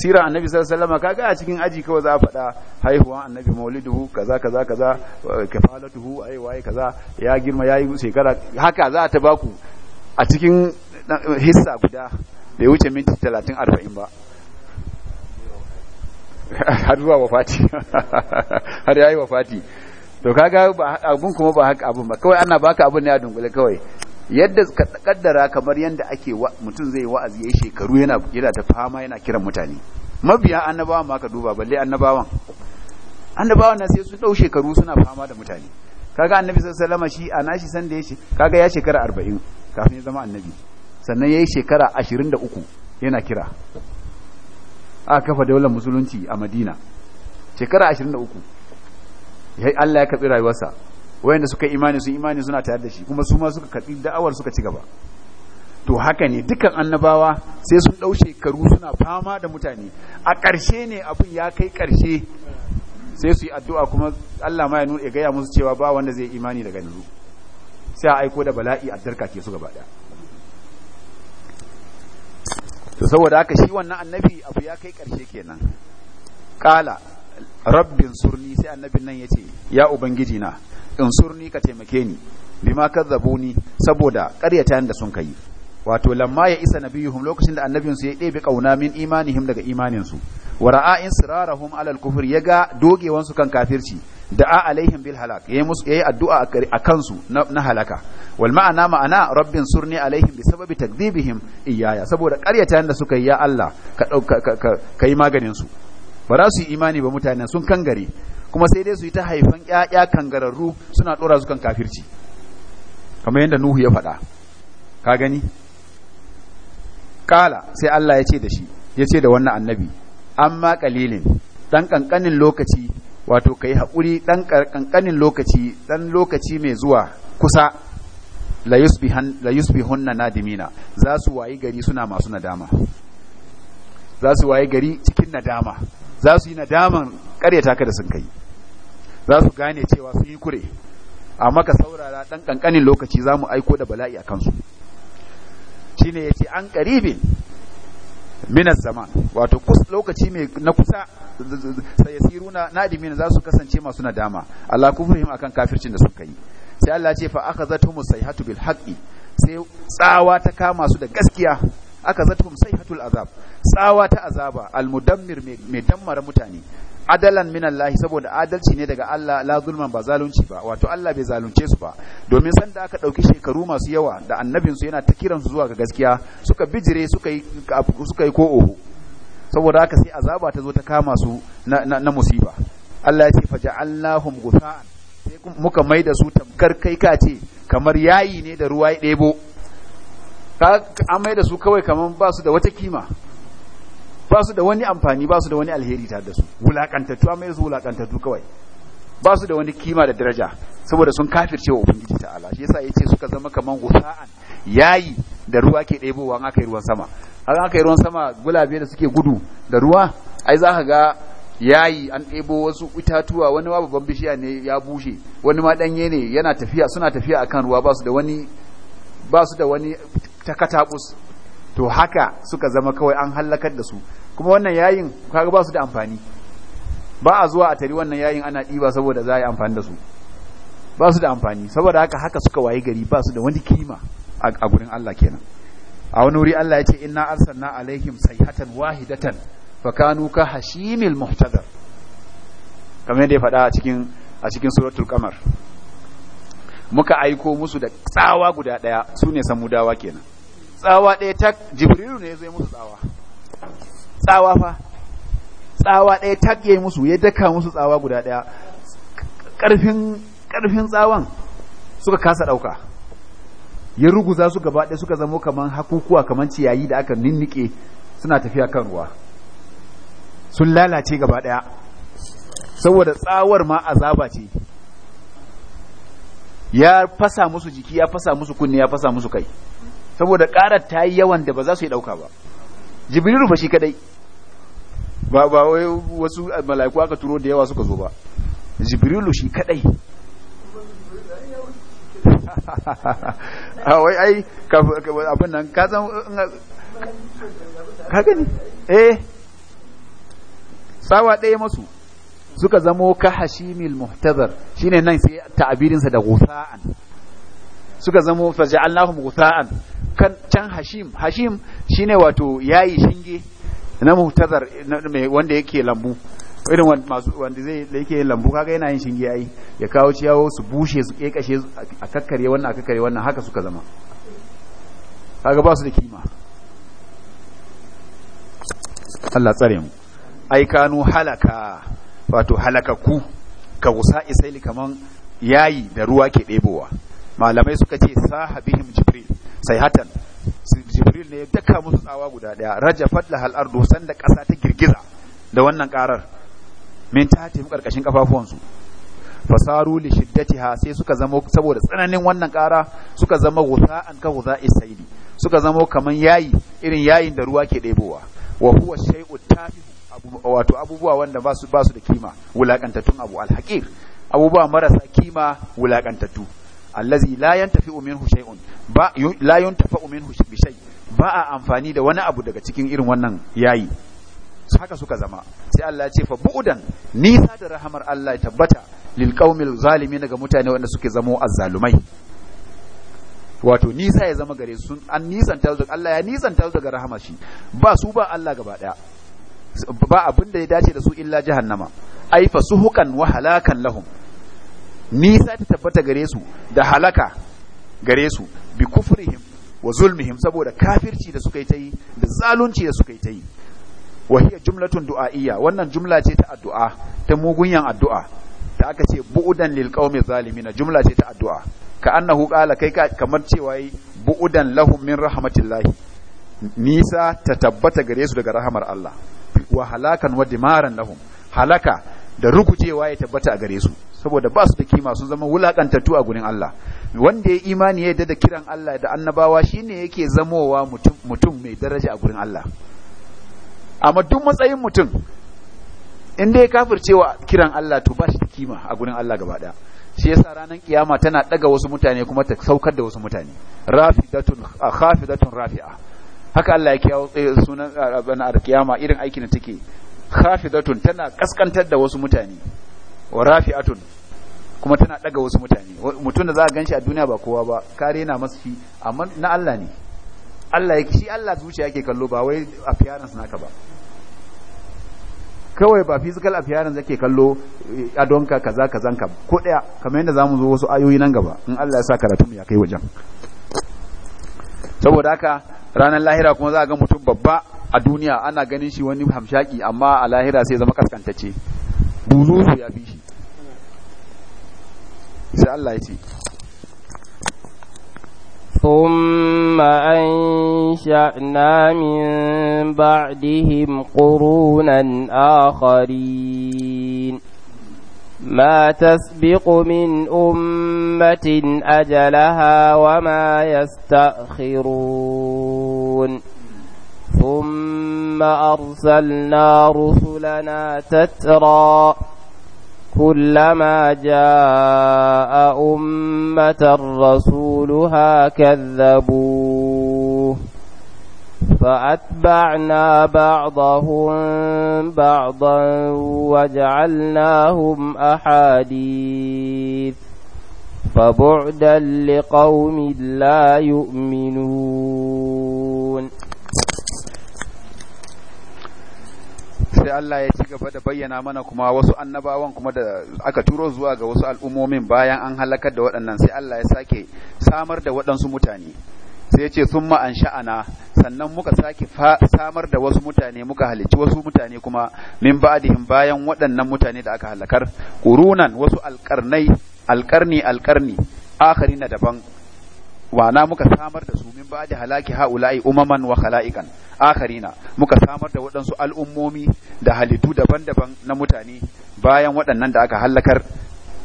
[SPEAKER 1] sirar annabi sallallahu kaga a cikin aji kawai za a faɗa haihuwa annabi maulidu kaza kaza kaza kafalatuhu ai waye kaza ya girma yayi shekara haka za ta baku a cikin hissa guda bai wuce minti 30 40 ba har zuwa wafati har yayi wafati to kaga abun kuma ba haka abun ba kawai ana baka abun ne a dungule kawai yadda ka kaddara kamar yadda ake mutum zai wa'azi yayi shekaru yana yana ta fama yana kiran mutane mabiya annabawan ma ka duba balle annabawan annabawan nan sai su dau shekaru suna fama da mutane kaga annabi sallallahu alaihi shi a nashi san da yace kaga ya shekara 40 kafin ya zama annabi sannan yayi shekara 23 yana kira a kafa daular musulunci a Madina shekara 23 yayi Allah ya kabi rayuwarsa wayanda suka imani sun imani suna tare da shi kuma su ma suka karbi da'awar suka ci gaba to haka ne dukkan annabawa sai sun dau shekaru suna fama da mutane a ƙarshe ne abin ya kai ƙarshe sai su yi addu'a kuma Allah ma ya nuna gaya musu cewa ba wanda zai imani daga yanzu sai a aiko da bala'i a darka ke su gaba da. to saboda haka shi wannan annabi abu ya kai ƙarshe kenan Kala. rabbin surni sai annabin nan ya ce ya ubangiji na In surni ka taimake ni bima kadzabuni saboda ƙaryata da sun kai wato lamma ya isa nabiyuhum lokacin da annabinsu ya ɗebe kauna min imanihim daga imanin imaninsu wa ra'a insirarahum alal kufr yaga dogewan su kan kafirci da'a alaihim bil halak yayi musu yayi addu'a a kansu na halaka wal ma'ana ma'ana rabbin surni alaihim bi sababi takdhibihim iyaya saboda ƙaryata da suka yi ya Allah ka kai maganin su ba za su yi imani ba mutanen sun kangare kuma sai dai su yi ta haifan ƴaƴa kangararru suna ɗora su kan kafirci kamar yadda Nuhu ya faɗa ka gani kala sai Allah ya ce da shi ya ce da wannan annabi amma kalilin ɗan ƙanƙanin lokaci wato ka yi haƙuri ɗan ƙanƙanin lokaci ɗan lokaci mai zuwa kusa la yusbihan hunna na nadimina za su wayi gari suna masu nadama za su wayi gari cikin nadama za su yi nadaman ƙaryata ka da sun kai za su gane cewa sun yi kure amma ka saurara ɗan ƙanƙanin lokaci za mu aiko da bala'i a kansu shi ne ya ce an ƙaribin minas zaman wato lokaci mai na kusa sai yasiru na nadimin za su kasance masu nadama Allah kufrihim akan kafircin da suka yi sai Allah ce fa sai hatu bil haqqi sai tsawa ta kama su da gaskiya aka zato mu sai sayhatul azab tsawa ta azaba al mudammir mai dammara mutane adalan min Allah saboda adalci ne daga Allah la zulman ba zalunci ba wato Allah bai zalunce su ba domin sanda aka dauki shekaru masu yawa da annabin su yana ta kiran su zuwa ga gaskiya suka bijire suka yi suka yi ko oho saboda aka sai azaba ta zo ta kama su na, na, musiba Allah ya ce faja'allahum gusa'an sai muka maida su tamkar kai ka ce kamar yayi ne da ruwa ya debo an mai da su kawai kamar ba su da wata kima ba su da wani amfani ba su da wani alheri ta da su wulakantattu amma yanzu wulakantattu kawai ba su da wani kima da daraja saboda sun kafirce wa ubangiji allah shi yasa yace suka zama kaman gusa'an yayi da ruwa ke ɗebowa an aka yi ruwan sama an aka yi ruwan sama gulabe da suke gudu da ruwa ai za ka ga yayi an ɗebo wasu itatuwa wani ma babban bishiya ne ya bushe wani ma ɗanye ne yana tafiya suna tafiya a kan ruwa ba su da wani ba su da wani takatabus to haka suka zama kawai an hallakar da su kuma wannan yayin kaga ba su da amfani ba a zuwa a tari wannan yayin ana ɗiba saboda za a yi amfani da su ba su da amfani saboda haka haka suka wayi gari ba su da wani kima a gurin Allah kenan a wani wuri Allah ya ce inna arsalna alaihim sayhatan wahidatan fa kanu ka hashimil muhtadar kamar yadda ya faɗa a cikin a cikin suratul qamar muka aiko musu da tsawa guda daya sune samudawa kenan tsawa ɗaya ta jibrilu ne ya zo musu tsawa tsawa fa tsawa ɗaya tak yayi musu ya daka musu tsawa guda ɗaya ƙarfin tsawan suka kasa ɗauka ya za su gaba ɗaya suka zamo kaman hakukuwa kamar ciyayi da aka ninnike suna tafiya kan ruwa sun lalace gaba ɗaya saboda tsawar ma azaba ce ya fasa musu jiki ya fasa musu kunni ya fasa musu kai saboda ƙarar ta yi yawan da ba za su yi ɗauka ba jibrilu ba shi kadai ba ba wai wasu mala'iku aka turo da yawa suka zo ba jibrilu shi kadai a ah, wai ai abin nan ka san ka gani eh sawa ɗaya masu suka zamo ka hashimil muhtazar shine nan sai ta'abirinsa da gusa'an suka zamo faja'alnahum gusa'an kan can hashim hashim shine wato yayi shinge na muhtazar wanda yake lambu irin wanda zai da yake lambu kaga yana yin shinge ai ya kawo ciyawo su bushe su kekashe a kakkare wannan a kakkare wannan haka suka zama kaga ba su da kima Allah tsare mu ai kanu halaka wato halakaku ka gusa isaili kaman yayi da ruwa ke ɗebowa malamai suka ce sahabihim jibril sai hatan jibril ne ya daka musu tsawa guda daya raja fadla hal ardu sanda kasa ta girgiza da wannan karar min ta tafi karkashin kafafuwansu fasaru li shiddatiha sai suka zama saboda tsananin wannan kara suka zama an ka ghuza'i saidi suka zama kaman yayi irin yayin da ruwa ke ɗebowa wa huwa shay'u tafihu wato abubuwa wanda ba su da kima wulakantattun abu alhaqir abubuwa marasa kima wulakantatu allazi la yantafi'u minhu shay'un ba la yantafi'u minhu bi shay'in ba a amfani da wani abu daga cikin irin wannan yayi haka suka zama sai Allah ce fa bu'udan nisa da rahamar Allah ya tabbata lil qaumil zalimi daga mutane wanda suke zamo azzalumai wato nisa ya zama gare su an nisanta su Allah ya nisanta su daga rahama shi ba su ba Allah gaba daya ba abin da ya dace da su illa jahannama ai fa suhukan wa halakan lahum nisa ta tabbata gare su da halaka gare su bi kufrihim wa zulmihim saboda kafirci da suka yi ta yi da zalunci da suka yi ta yi wa hiya jumlatun du'a'iyya wannan jumla ce ta addu'a ta mugunyan addu'a da aka ce bu'udan lil qaumi zalimin jumla ce ta addu'a ka annahu qala kai ka kamar cewa yi bu'udan lahum min rahmatillahi nisa ta tabbata gare su daga rahamar Allah wa halakan wa dimaran lahum halaka da rukujewa ya tabbata a gare su saboda ba su da kima sun zama wulakantattu a gurin Allah wanda ya imani ya yadda da kiran Allah da annabawa shine yake zamowa mutum mutum mai daraja a gurin Allah amma duk matsayin mutum in dai kafircewa kiran Allah to ba shi da kima a gurin Allah gaba daya shi yasa ranar kiyama tana ɗaga wasu mutane kuma ta saukar da wasu mutane rafidatun khafidatun rafi'a haka Allah ya kiyawo eh, sunan ranar kiyama irin aikin da take khafidatun tana kaskantar da wasu mutane kuma tana daga wasu mutane mutum da za a ganshi a duniya ba kowa ba kare na masu shi amma na Allah ne Allah yake shi Allah zuciya yake kallo ba wai appearance naka ba kawai ba physical appearance yake kallo eh, adonka kaza kazanka ko daya kamar yadda zamu zo wasu ayoyi nan gaba in Allah ya sa karatu mu ya kai wajen saboda haka ranar lahira kuma za a ga mutum babba a duniya ana ganin shi wani hamshaki amma a lahira sai zama kaskantacce
[SPEAKER 3] buzuzu ya
[SPEAKER 1] fi shi sai Allah ya ce
[SPEAKER 2] ثم أنشأنا من بعدهم قرونا آخرين ما تسبق من أمة أجلها وما يستأخرون ثم أرسلنا رسلنا تترى كلما جاء أمة رسولها كذبوه فأتبعنا بعضهم بعضا وجعلناهم أحاديث فبعدا لقوم لا يؤمنون
[SPEAKER 1] sai Allah ya ci gaba da bayyana mana kuma wasu annabawan kuma da aka turo zuwa ga wasu al'ummomin bayan an halakar da waɗannan sai Allah ya sake samar da waɗansu mutane sai ce sun ma'an sha'ana sannan muka sake samar da wasu mutane muka halicci wasu mutane kuma min ba'dihim bayan waɗannan mutane da aka halakar ƙurunan wasu alƙarnai alƙarni alƙarni akari na daban wana muka samar da su min ba da halaki haula'i umaman wa khala'ikan akharina muka samar da waɗansu al'ummomi da halittu daban-daban na mutane bayan waɗannan da aka hallakar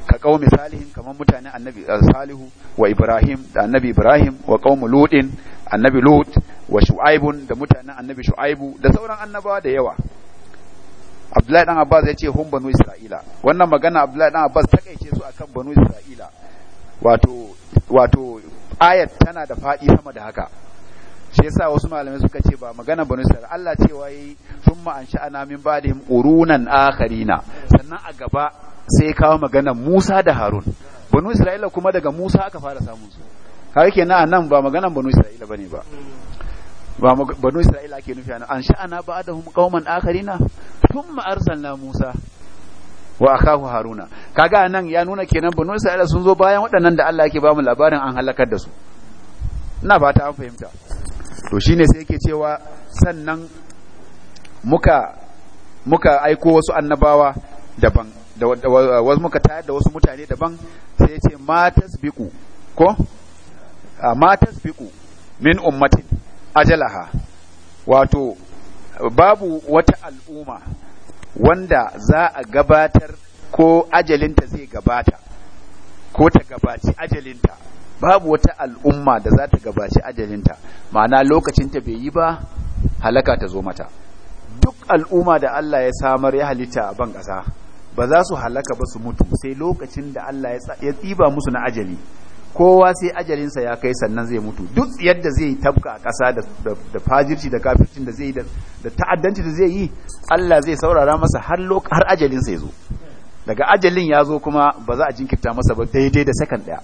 [SPEAKER 1] ka qaumi salihin kamar mutane annabi eh, salihu wa ibrahim da annabi ibrahim wa qaumu mulutin annabi lut wa shu'aibun da mutanen annabi shu'aibu da sauran annabawa da yawa abdullahi dan abbas ya ce hun banu isra'ila wannan magana abdullahi dan abbas ta kaice su akan banu isra'ila wato wato ayat tana da faɗi sama da haka shi yasa wasu malamai suka ce ba magana banu Isra'ila Allah cewa yayi summa ansha'ana min ba'dihim qurunan akharina sannan a gaba sai kawo magana Musa da Harun banu Isra'ila kuma daga Musa aka fara samun su kai kenan anan ba magana banu Isra'ila bane ba ba banu Isra'ila ake nufi anan ansha'ana ba'dahum qauman akharina ma arsalna Musa wa akahu haruna kaga nan ya nuna kenan banu isra'ila sun zo bayan waɗannan da Allah yake ba mu labarin an halakar da su ina fata an fahimta to shine sai yake cewa sannan muka muka aiko wasu annabawa daban da wasu muka tayar da wasu mutane daban sai ya ce matas biku ko matas biku min ummatin ajalaha wato babu wata al'umma wanda za a gabatar ko ajalinta zai gabata ko ta gabaci ajalinta babu wata al'umma da za ta gabaci ajalinta ma'ana lokacinta bai yi ba halaka ta zo mata duk al'umma da Allah ya samar ya halitta a ban ƙasa ba za su halaka ba su mutu sai lokacin da Allah ya tsiba musu na ajali kowa sai ajalinsa ya kai sannan zai mutu duk yadda zai tabka a ƙasa da fajirci da kafircin da zai da ta'addanci da zai yi Allah zai saurara masa har ajalinsa ya zo daga ajalin ya zo kuma ba za a jinkirta masa ba daidai da sakan ɗaya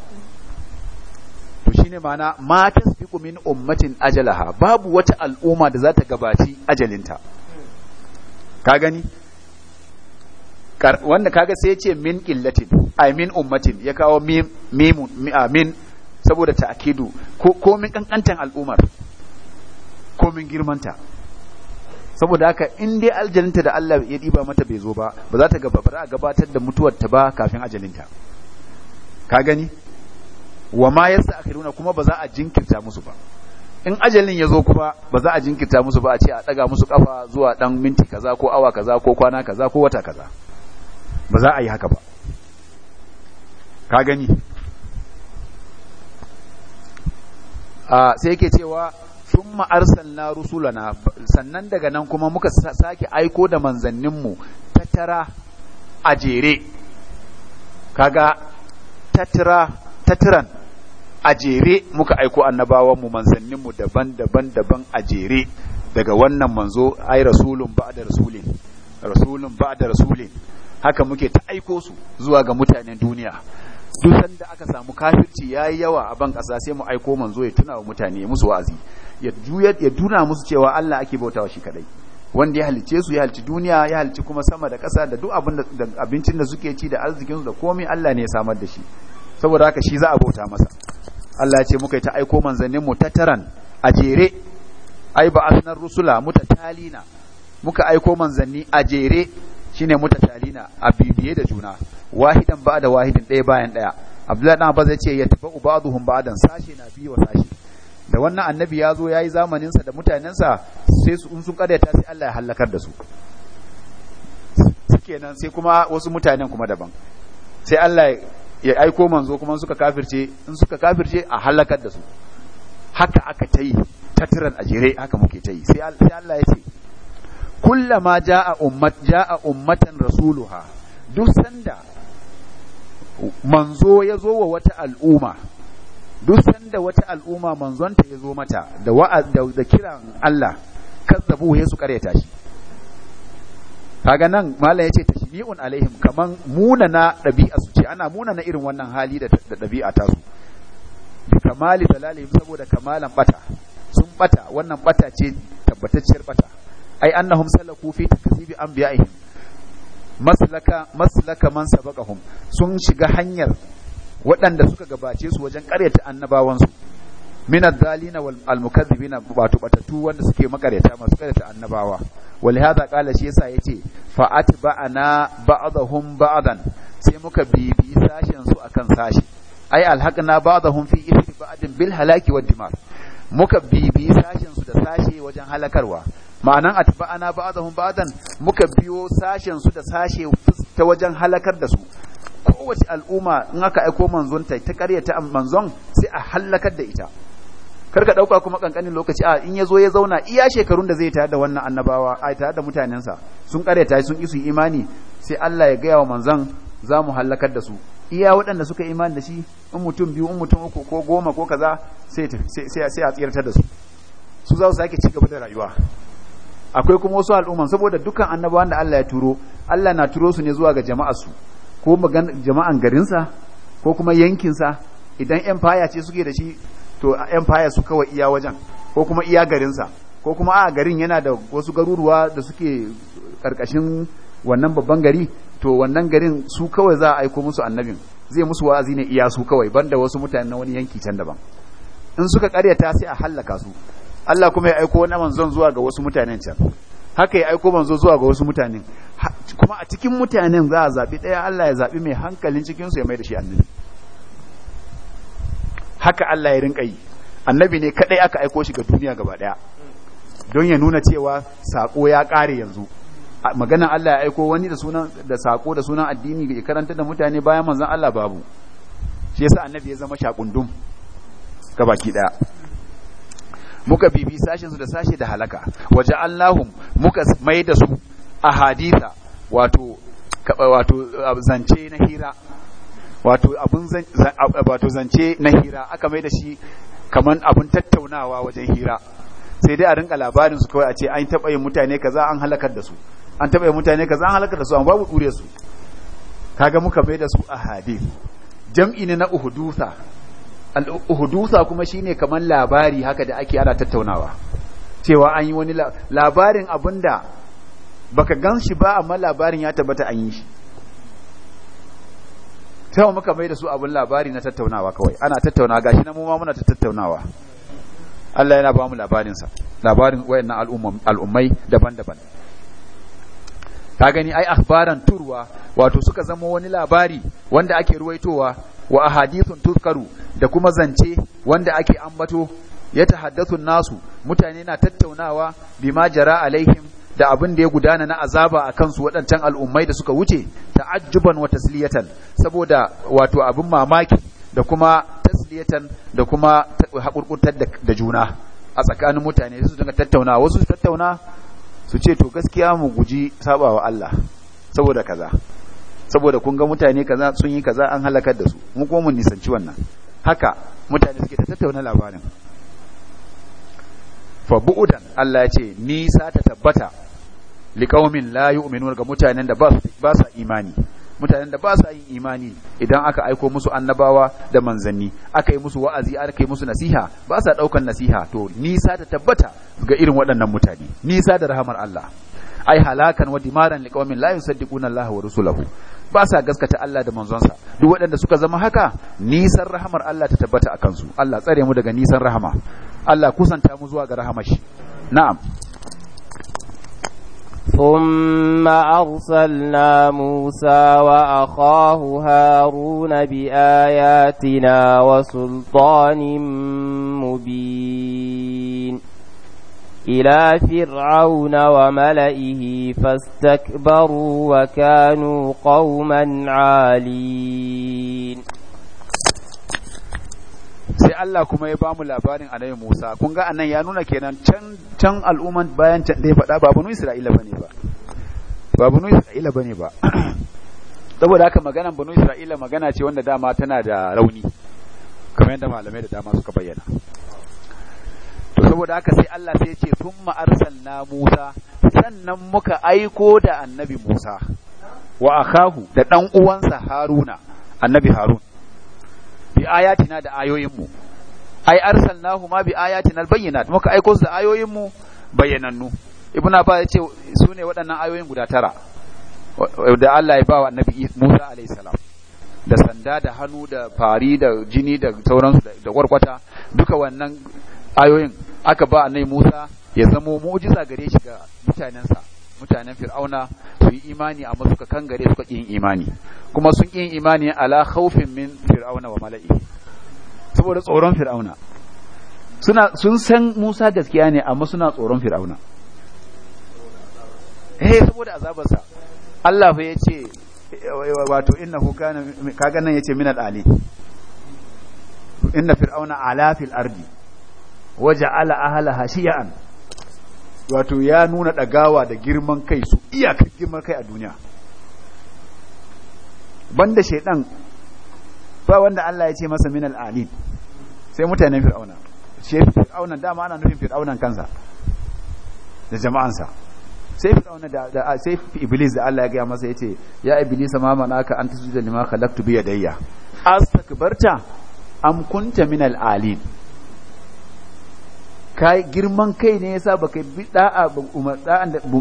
[SPEAKER 1] shine mana ma tasbiqu min ummatin ajalaha babu wata al'umma da za ta gabaci ajalinta ka gani wanda kaga sai ya ce min qillatin ai min ummatin ya kawo mim min saboda ta'kidu ko komin kankantan al'ummar komin girmanta saboda haka in dai aljalinta da Allah ya diba mata bai zo ba ba za ta a gabatar da mutuwar ta ba kafin ajalinta ka gani wa ma akhiruna kuma ba za a jinkirta musu ba in ajalin ya zo kuma ba za a jinkirta musu ba a ce a daga musu kafa zuwa dan minti kaza ko awa kaza ko kwana kaza ko wata kaza ba za a yi haka ba ka gani a sai yake cewa summa arsalna rusulana sannan daga nan kuma muka sake aiko da manzanninmu tattara a jere kaga tattara tattaran a jere muka aiko annabawanmu mu daban-daban daban a jere daga wannan manzo ai rasulun ba da rasulin rasulun ba da rasulin haka muke ta aiko su zuwa ga mutanen duniya duk sanda aka samu kafirci yayi yawa a ban kasa sai mu aiko manzo ya tuna wa mutane ya musu wa'azi ya ya duna musu cewa Allah ake bautawa shi kadai wanda ya halice su ya halici duniya ya halci kuma sama da ƙasa da duk abin da abincin da suke ci da arzikinsu su da komai Allah ne ya samar da shi saboda haka shi za a bauta masa Allah ya ce muka yi ta aiko manzanninmu mu tattaran a jere ai ba asnar rusula talina muka aiko manzanni a jere shine talina a bibiye da juna wahidan ba da wahidin ɗaya bayan ɗaya Abdullahi dan Abbas ya ce ya zuhun ba ba'dan sashe na biyu wa sashe da wannan annabi ya zo ya yi zamaninsa da mutanensa sai su sun karyata sai Allah ya hallakar da su suke nan sai kuma wasu mutanen kuma daban sai Allah ya aiko manzo kuma suka kafirce in suka kafirce a halakar da su haka aka ta yi a jere haka muke ta yi sai Allah ya ce kullama jaa ummat jaa ummatan rasuluha duk sanda manzo ya zo wa wata al'umma duk sanda wata al'umma manzonta ya zo mata da wa'az da, kiran Allah kazzabu ya su kareta shi kaga nan ce yace tabi'un alaihim kaman munana ɗabi'a su ce ana munana irin wannan hali da ɗabi'a ta su kamali dalalihim saboda kamalan bata sun bata wannan bata ce tabbatacciyar bata ai annahum salaku fi takzibi anbiya'ihim maslaka maslaka man sabaqahum sun shiga hanyar waɗanda suka gabace su wajen ƙaryata annabawansu min ad-dalina wal mukaththibina wato batatu wanda suke makareta masu kareta annabawa walihada kala shi yasa yace fa atba'ana ba'dahum ba'dan sai muka bibi sashen su akan sashi ai alhaqna ba'dahum fi ithri ba'din bil halaki wad dimar muka bibi sashen su da sashe wajen halakarwa ma'anan atba'ana ba'dahum ba'dan muka biyo sashen su da sashe ta wajen halakar da su kowace al'umma in aka aiko manzon ta ta karyata manzon sai a halakar da ita kar ka dauka kuma kankanin lokaci a in zo ya zauna iya shekarun da zai tare da wannan annabawa a tare da mutanensa sun karyata sun isu imani sai Allah ya gaya wa manzan za mu halakar da su iya waɗanda suka imani da shi in mutum biyu in mutum uku ko goma ko kaza sai sai a tsirtar da su su za su sake ci gaba da rayuwa akwai kuma wasu al'umman saboda dukkan annabawan da Allah ya turo Allah na turo su ne zuwa ga jama'ar su ko jama'an garinsa ko kuma yankinsa idan empire ce suke da shi to empire su kawai iya wajen ko kuma iya garinsa ko kuma a garin yana da wasu garuruwa da suke karkashin wannan babban gari to wannan garin su kawai za a aiko musu annabin zai musu wa'azi ne iya su kawai banda wasu mutane na wani yanki can daban in suka karyata sai a hallaka su Allah kuma ya aiko wani manzon zuwa ga wasu mutanen can haka ya aiko manzo zuwa ga wasu mutanen kuma a cikin mutanen za a zaɓi ɗaya Allah ya zaɓi mai hankalin cikinsu ya mai da shi annabi haka Allah ya rinka yi annabi ne kadai aka aiko shi ga duniya gaba daya don ya nuna cewa sako ya kare yanzu magana Allah ya aiko wani da sunan da sako da sunan addini ya karanta da mutane bayan manzon Allah babu shi yasa annabi ya zama shakundum gabaki daya muka bibi sashen su da sashe da halaka waje Allahum muka mai da su a wato wato zance na hira wato abun wato zance na hira aka mai da shi kaman abun tattaunawa wajen hira sai dai a rinka labarin su kawai a ce an taba yin mutane kaza an halakar da su an taɓa yin mutane kaza an halakar da su an babu ɗure su kaga muka mai da su a hadith jam'i ne na uhudusa al-uhudusa kuma shine kaman labari haka da ake ana tattaunawa cewa an yi wani labarin abinda baka gan shi ba amma labarin ya tabbata an yi shi sai muka mai da su abin labari na tattaunawa kawai ana tattauna gashi na mu ma muna tattaunawa Allah yana ba mu labarin sa labarin wayannan al'ummai al'ummai daban-daban ka gani ai akhbaran turwa wato suka zama wani labari wanda ake ruwaitowa wa ahadithun turkaru da kuma zance wanda ake ambato ya tahaddathu nasu mutane na tattaunawa bima jara alaihim da abin da ya gudana na azaba a kansu waɗancan al'ummai da suka wuce ta'ajjuban wa tasliyatan saboda wato abin mamaki da kuma tasliyatan da kuma haƙurƙurtar da juna a tsakanin mutane su dinga tattauna wasu su tattauna su ce to gaskiya mu guji sabawa Allah saboda kaza saboda kun ga mutane kaza sun yi kaza an halakar da su mu kuma mun nisanci wannan haka mutane suke ta tattauna labarin fa bu'udan Allah ya ce nisa ta tabbata liƙaumin la yu'minun ga mutanen da ba sa imani mutanen da ba sa yin imani idan aka aiko musu annabawa da manzanni aka yi musu wa'azi aka yi musu nasiha ba sa ɗaukan nasiha to nisa ta tabbata ga irin waɗannan mutane nisa da rahamar Allah ai halakan wa dimaran liqaumin la yusaddiquna Allah wa rusulahu ba sa gaskata Allah da manzonsa duk waɗanda suka zama haka nisan rahamar Allah ta tabbata akan su Allah tsare mu daga nisan rahama Allah kusanta mu zuwa ga rahamar shi na'am
[SPEAKER 2] ثم أرسلنا موسى وأخاه هارون بآياتنا وسلطان مبين إلى فرعون وملئه فاستكبروا وكانوا قوما عالين sai Allah kuma ya
[SPEAKER 1] bamu labarin a nai Musa kun ga annan ya nuna kenan can can al'umman bayan can da faɗa ba banu Isra'ila bane ba ba banu Isra'ila bane ba saboda haka magana banu Isra'ila magana ce wanda dama tana da rauni kamar yadda malamai da dama suka bayyana to saboda haka sai Allah sai ya ce thumma arsalna Musa sannan muka aiko da annabi Musa wa akahu da dan uwansa Haruna annabi Harun bi ayatina da ayoyinmu ai arsalnahu ma bi ayatina albayyinat muka aiko su da ayoyinmu bayyanannu ibnu abbas ya ce su waɗannan ayoyin guda tara da Allah ya ba wa annabi Musa alayhi salam da sanda da hannu da fari da jini da sauransu da kwarkwata duka wannan ayoyin aka ba annabi Musa ya zamo mu'jiza gare shi ga mutanensa mutanen fir'auna su yi imani amma suka kangare suka yin imani kuma sun ƙin imani ala khawfin min fir'auna wa mala'i saboda tsoron fir'auna sun san Musa gaskiya ne amma suna tsoron fir'auna eh saboda azabarsa Allah fa yace wato innahu kana kaga nan yace min ali inna fir'auna ala fil ardi waja'ala ahlaha shi'an wato ya nuna dagawa da girman kai su iya girman kai a duniya banda shaidan ba wanda Allah ya ce masa min al'alin sai mutanen fir'auna shi fir'auna dama ana nufin fir'aunan kansa da jama'ansa sai fir'auna da sai iblis da Allah ya ga masa yace ya iblis ma ka an tasjuda lima khalaqtu bi yadayya astakbarta am kunta min al'alin kai girman kai ne yasa baka bi da'a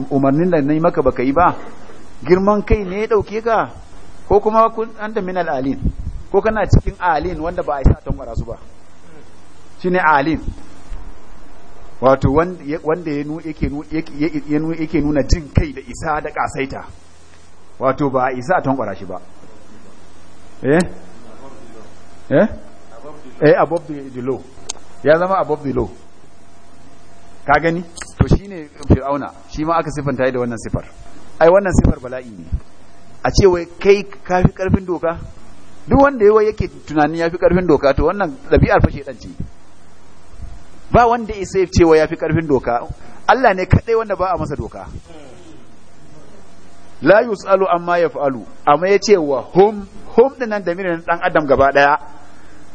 [SPEAKER 1] umarnin da nayi maka baka yi ba girman kai ne ya dauke ka ko kuma kun anta min alin ko kana cikin alin wanda ba a isa tangwara su ba shine alin wato wanda ya yake nuna jin kai da isa da kasaita wato ba a isa tangwara shi ba eh eh eh above the low ya zama above the low ka gani to shine fir'auna shi ma aka sifanta da wannan sifar ai wannan sifar bala'i ne a ce wai kai ka fi karfin doka duk wanda yawa yake tunani ya fi karfin doka to wannan ɗabi'ar fashe ɗan ce ba wanda isa ya cewa ya fi karfin doka Allah ne kaɗai wanda ba a masa doka la yus'alu amma yaf'alu amma ya ce wa hum hum nan da mirin dan adam gaba daya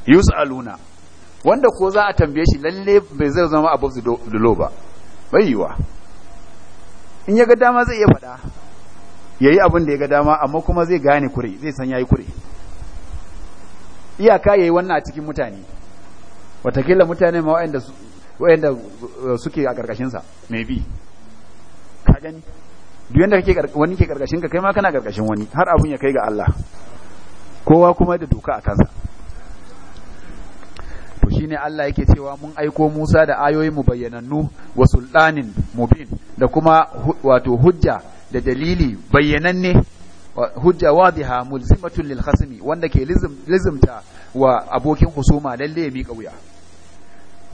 [SPEAKER 1] yus'aluna wanda ko za a tambaye shi lalle bai zai zama above the law ba bai yiwa in ya ga dama zai iya faɗa yayi abin da ya ga dama amma kuma zai gane kure zai san yayi kure iyaka yayi wannan a cikin mutane watakila mutane ma wa'anda waɗanda uh, suke a karkashin sa maybe ka gani duk yadda kake wani ke karkashin ka kai ma kana karkashin wani har abun ya kai ga Allah kowa kuma da doka a kansa to shine Allah yake cewa mun aiko Musa da ayoyi mu bayyanannu wa sultanin mubin da kuma wato hujja da dalili bayyananne hujja wadiha mulzimatun lil khasmi wanda ke lizimta wa abokin husuma lalle ya miƙa wuya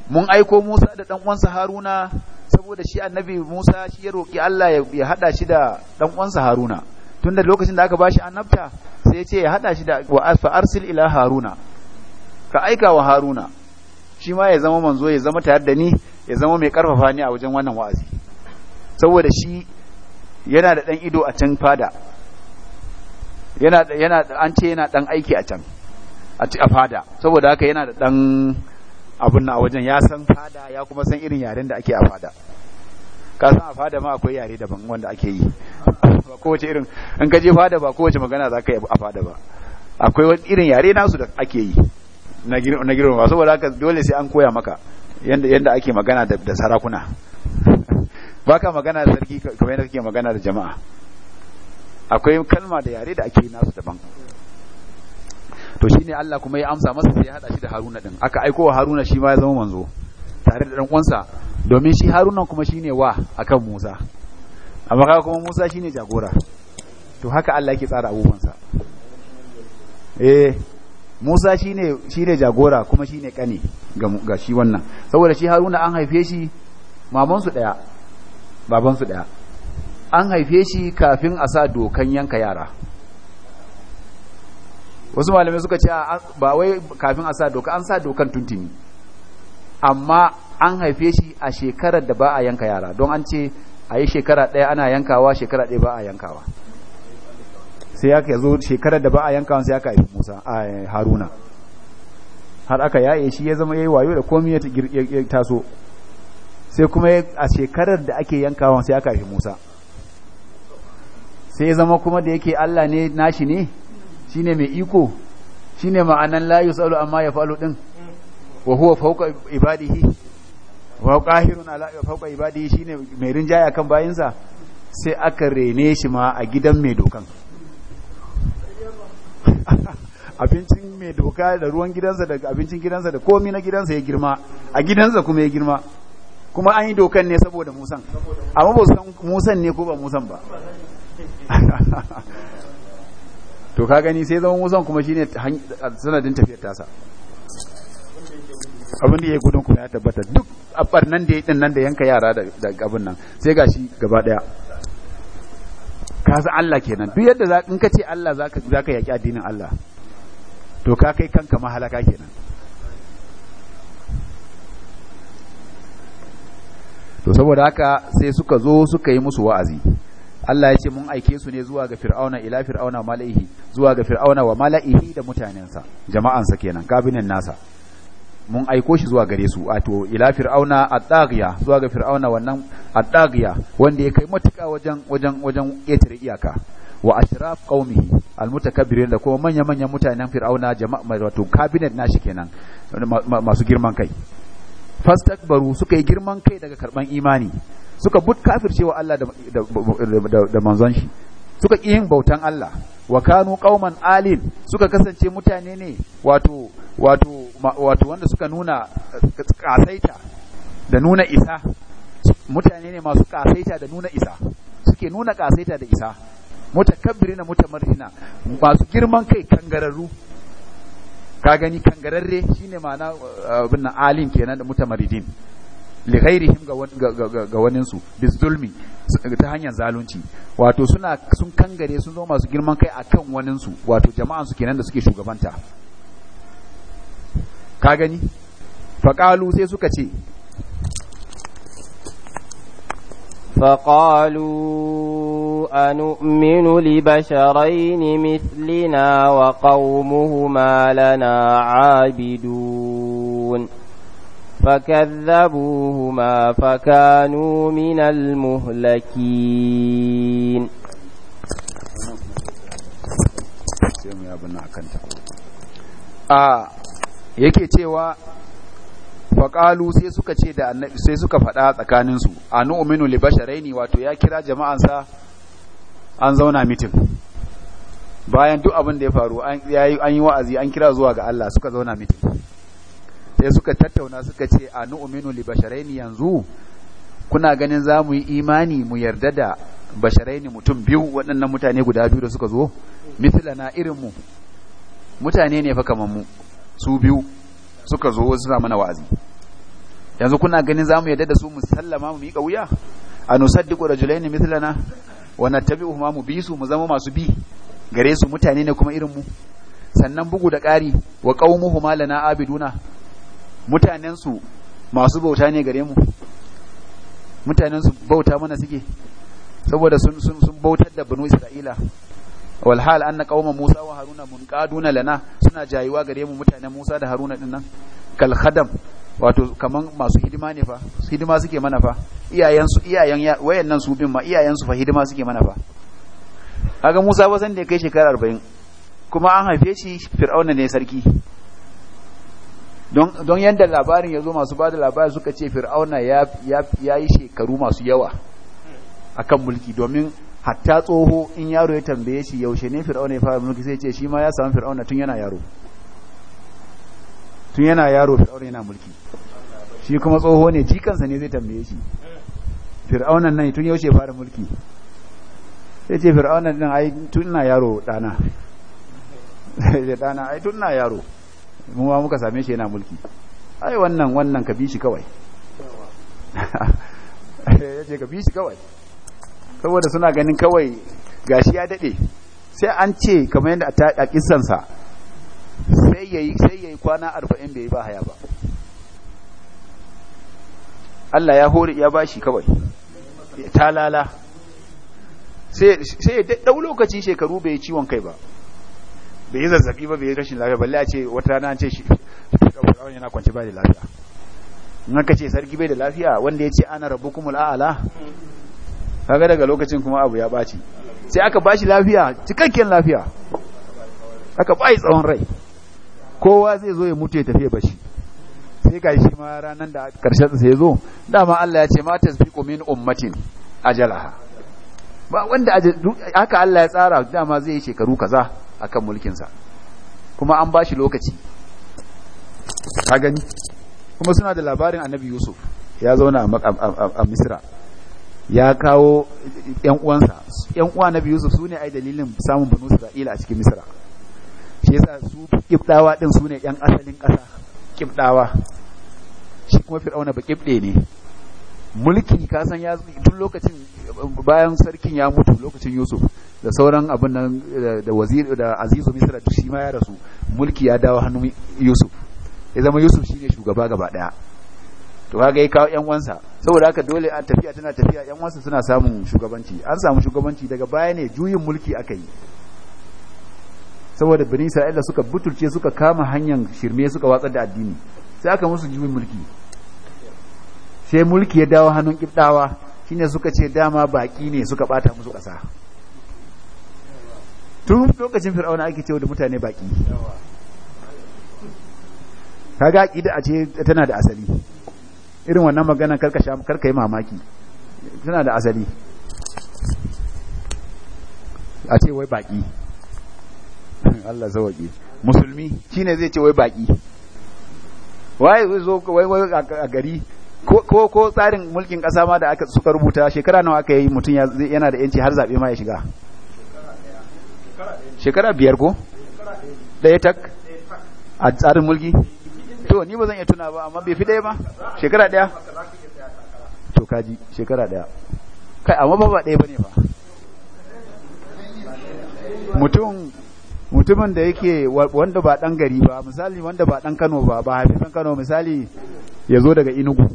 [SPEAKER 1] mun aiko Musa da dan uwansa Haruna saboda shi annabi Musa shi ya roki Allah ya hada shi da dan uwansa Haruna tunda lokacin da aka bashi annabta sai ya ce ya hada shi da wa fa arsil ila Haruna ka aika wa Haruna shi ma ya zama manzo ya zama tare da ni ya zama mai karfafa ni a wajen wannan wa'azi saboda shi yana da ɗan ido a can fada yana yana an ce yana ɗan aiki a can a fada saboda haka yana da ɗan abun a wajen ya san fada ya kuma san irin yaren da ake a fada ka san a fada ma akwai yare daban wanda ake yi ba kowace irin in ka je fada ba kowace magana za ka yi a fada ba akwai wani irin yare nasu da ake yi na girma saboda haka dole sai an koya maka yadda ake magana da sarakuna baka magana da sarki kamar yadda kake magana da jama'a akwai kalma da yare da ake nasu daban to shine Allah kuma ya amsa masa sai ya hada shi da Haruna din aka aiko wa Haruna shi ma ya zama manzo tare da dan uwansa domin shi Haruna kuma shine wa akan Musa amma ka kuma Musa shine jagora to haka Allah yake tsara sa eh Musa shine shine jagora kuma shine kane ga shi wannan saboda shi Haruna an haife shi mamansu daya babansu ɗaya an haife shi kafin a sa dokan yanka yara wasu malamai suka ce ba wai kafin a sa doka an sa dokan tuntuni amma an haife shi a shekarar da ba a yanka yara don an ce a yi shekara ɗaya ana yankawa shekara ɗaya ba a yankawa sai ya zo shekarar da ba a yankawa sai aka haifi musa a haruna har aka yaye shi ya zama ya yi wayo da komi ya taso sai kuma a shekarar da ake yankawa sai aka fi Musa sai zama kuma da yake Allah ne nashi ne shine mai iko shine ma'anan layu yusalu amma ya yafalu din wa huwa fauka ibadihi wa ƙahirun ala fawqa ibadihi shine mai rinjaya kan bayinsa sai aka rene shi ma a gidan mai dokan abincin mai doka da ruwan gidansa da abincin gidansa da komi na gidansa ya girma a gidansa kuma ya girma kuma an yi dokan ne saboda musan amma ba san musan ne ko ba musan ba to ka gani sai zama musan kuma shine sanadin tafiyar tasa abin da ya gudun kuma ya tabbata duk a barnan da ya din nan da yanka yara da abin nan sai gashi gaba daya ka san Allah kenan duk yadda in ka ce Allah za ka yaki addinin Allah to ka kai kanka mahalaka kenan to saboda haka sai suka zo suka yi musu wa'azi Allah ya ce mun aike su ne zuwa ga fir'auna ila fir'auna mala'ihi zuwa ga fir'auna wa mala'ihi da mutanensa jama'ansa kenan kabinin nasa mun aiko shi zuwa gare su wato ila fir'auna at-taghiya zuwa ga fir'auna wannan at-taghiya wanda ya kai matuka wajen wajen wajen ƙetare iyaka wa ashraf qaumihi al-mutakabbirin da kuma manya-manyan mutanen fir'auna jama'a wato kabinet nashi kenan masu girman kai fastakbaru suka yi girman kai daga karban imani suka but kafircewa Allah da manzon shi suka ki yin bautan Allah wa kanu qauman alin suka kasance mutane ne wato wato wanda suka nuna kasaita eh, da nuna isa mutane ne masu kasaita da nuna isa suke nuna kasaita da isa mutakabbirina mutamarrina masu girman kai kangararru ka gani kangararre shine ma'ana eh, abin nan alin kenan da mutamaridin li ghairihim ga ga wanin su bizulmi ta hanyar zalunci wato suna sun kangare sun zo masu girman kai akan wanin su wato jama'an su kenan da suke shugabanta ka gani faqalu
[SPEAKER 2] sai suka ce فقالوا أنؤمن لبشرين مثلنا وقومهما لنا عابدون فكذبوهما فكانوا من المهلكين
[SPEAKER 1] آه يكي cewa faƙalu sai suka ce da annabi sai suka faɗa tsakaninsu a nu'minu li basharaini wato ya kira jama'ansa an zauna mitin bayan duk abin da ya faru an yi wa'azi an kira zuwa ga Allah suka zauna mitin sai suka tattauna suka ce a nu'minu li basharaini yanzu kuna ganin za mu yi imani mu yarda da basharaini mutum biyu waɗannan mutane guda biyu da suka zo mithlana irin mu mutane ne fa kamar mu su biyu suka zo suna mana wa'azi yanzu kuna ganin zamu yadda da su mu sallama mu miƙa wuya a nusaddiqu rajulaini mithlana wa nattabi'uhuma mu bi su mu zama masu bi gare su mutane ne kuma irin mu sannan bugu da ƙari wa qaumuhuma lana abiduna mutanen su masu bauta ne gare mu mutanen su bauta mana suke saboda sun sun sun bautar da banu isra'ila wal hal anna qauma musa wa haruna munqaduna lana suna jayuwa gare mu mutanen musa da haruna dinnan kal khadam wato kaman masu hidima ne fa hidima suke mana fa iyayensu iyayen wayannan su bin ma iyayensu fa hidima suke mana fa kaga Musa ba san da kai shekara 40 kuma an haife shi Fir'auna ne sarki don don yanda labarin yazo masu bada labari suka ce Fir'auna ya ya yi shekaru masu yawa akan mulki domin hatta tsoho in yaro ya tambaye shi yaushe ne Fir'auna ya fara mulki sai ya ce shi ma ya samu Fir'auna tun yana yaro tun yana yaro fir'auna yana mulki shi kuma tsoho ne jikansa ne zai tambaye shi fir'aunan nan tun yaushe fara mulki sai ce fir'aunan nan ai tun na yaro dana sai dana ai tun na yaro mu ma muka same shi yana mulki ai wannan wannan ka bi shi kawai ce ka bi shi kawai saboda suna ganin kawai gashi ya dade sai an ce kamar yadda a kissansa sai yayi sai yayi kwana 40 bai ba haya ba Allah ya hore ya bashi kawai talala sai sai dau lokaci shekaru bai ciwon kai ba bai yi zazzabi ba bai yi rashin lafiya balle a ce wata rana ce shi kawai yana kwance ba da lafiya in aka ce sarki bai da lafiya wanda ya ce ana rabbukumul a'ala kaga daga lokacin kuma abu ya ɓaci sai aka bashi lafiya cikakken lafiya aka bai tsawon rai kowa zai zo ya mutu ya tafi bashi sai ga shi ma ranar da karshen sa ya zo dama Allah ya ce ma tasbiqu min ummatin ajalaha ba wanda haka Allah ya tsara dama zai yi shekaru kaza akan mulkin sa kuma an bashi lokaci ka gani kuma suna da labarin Annabi Yusuf ya zauna a Misra ya kawo yan uwansa yan uwa Annabi Yusuf sune ai dalilin samun banu Isra'ila a cikin Misra ya yasa su kibdawa din su ne yan asalin ƙasa kibdawa shi kuma fir'auna ba kibde ne mulki ka san ya tun lokacin bayan sarkin ya mutu lokacin Yusuf da sauran abin nan da wazir da Azizu Misra duk shi ma ya rasu mulki ya dawo hannun Yusuf ya zama Yusuf shine shugaba gaba daya to kaga ya kawo yan wansa saboda haka dole a tafiya tana tafiya yan wansa suna samun shugabanci an samu shugabanci daga baya ne juyin mulki aka yi saboda bani isra'ila suka buturce suka kama hanyar shirme suka watsar da addini sai aka musu juyin mulki sai mulki ya dawo hannun kibdawa shine suka ce dama baki ne suka bata musu kasa. tun lokacin fir'auna ake cewa da mutane baki kaga akida a ce tana da asali irin wannan maganar karkasha karka yi mamaki tana da asali a ce wai baki Allah zawaki musulmi shi ne zai ce wai baƙi wai zo wai wai a gari ko ko tsarin mulkin ƙasa ma da aka suka rubuta shekara nawa aka yi mutum yana da yanci har zaɓe ma ya shiga shekara biyar ko ɗaya tak a tsarin mulki to ni ba zan iya tuna ba amma bai fi ɗaya ba shekara ɗaya to kaji shekara ɗaya kai amma ba ba ba ne ba mutum mutumin da yake wanda ba dan gari ba misali wanda ba dan Kano ba ba haifin Kano misali ya zo daga Enugu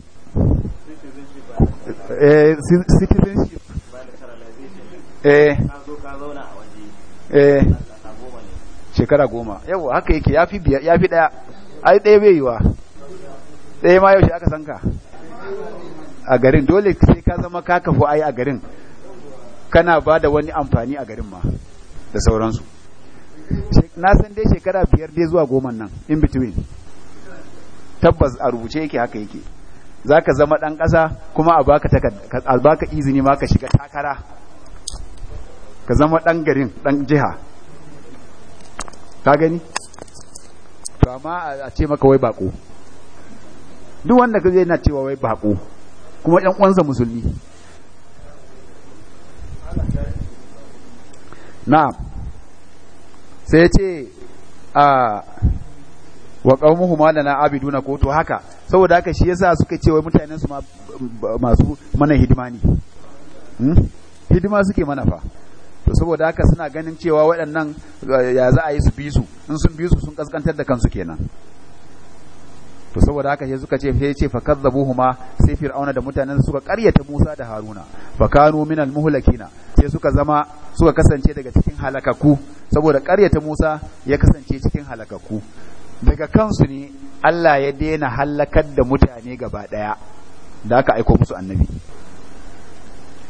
[SPEAKER 3] eh citizenship eh
[SPEAKER 1] eh shekara goma yau haka yake ya fi ya fi daya ai daya bai yiwa daya ma yau shi aka san ka a garin dole sai ka zama ka kafu ai a garin kana ba da wani amfani a garin ma da sauransu na san dai shekara biyar dai zuwa goma nan in between tabbas a rubuce yake haka yake za ka zama ɗan ƙasa kuma a baka izini ma ka shiga takara ka zama ɗan garin ɗan jiha ka gani to amma a ce maka wai bako duk wanda ka zai na cewa wai bako kuma ɗan uwansa musulmi na'am sai ce a wa qaumuhu ma lana abiduna ko to haka saboda haka shi yasa suka ce wai mutanen su masu mana hidima ne hmm? hidima suke mana fa to saboda haka suna ganin cewa waɗannan ya za a yi su bi su in sun bi su sun kaskantar da kansu kenan to saboda haka sai suka ce sai ce fa kazzabuhuma sai fir'auna da mutanen suka karyata Musa da Haruna fa kanu minal muhlakina sai suka zama suka kasance daga cikin halakaku saboda ƙaryata Musa ya kasance cikin halakaku daga kansu ne Allah ya daina halakar da mutane gaba ɗaya da aka aiko musu annabi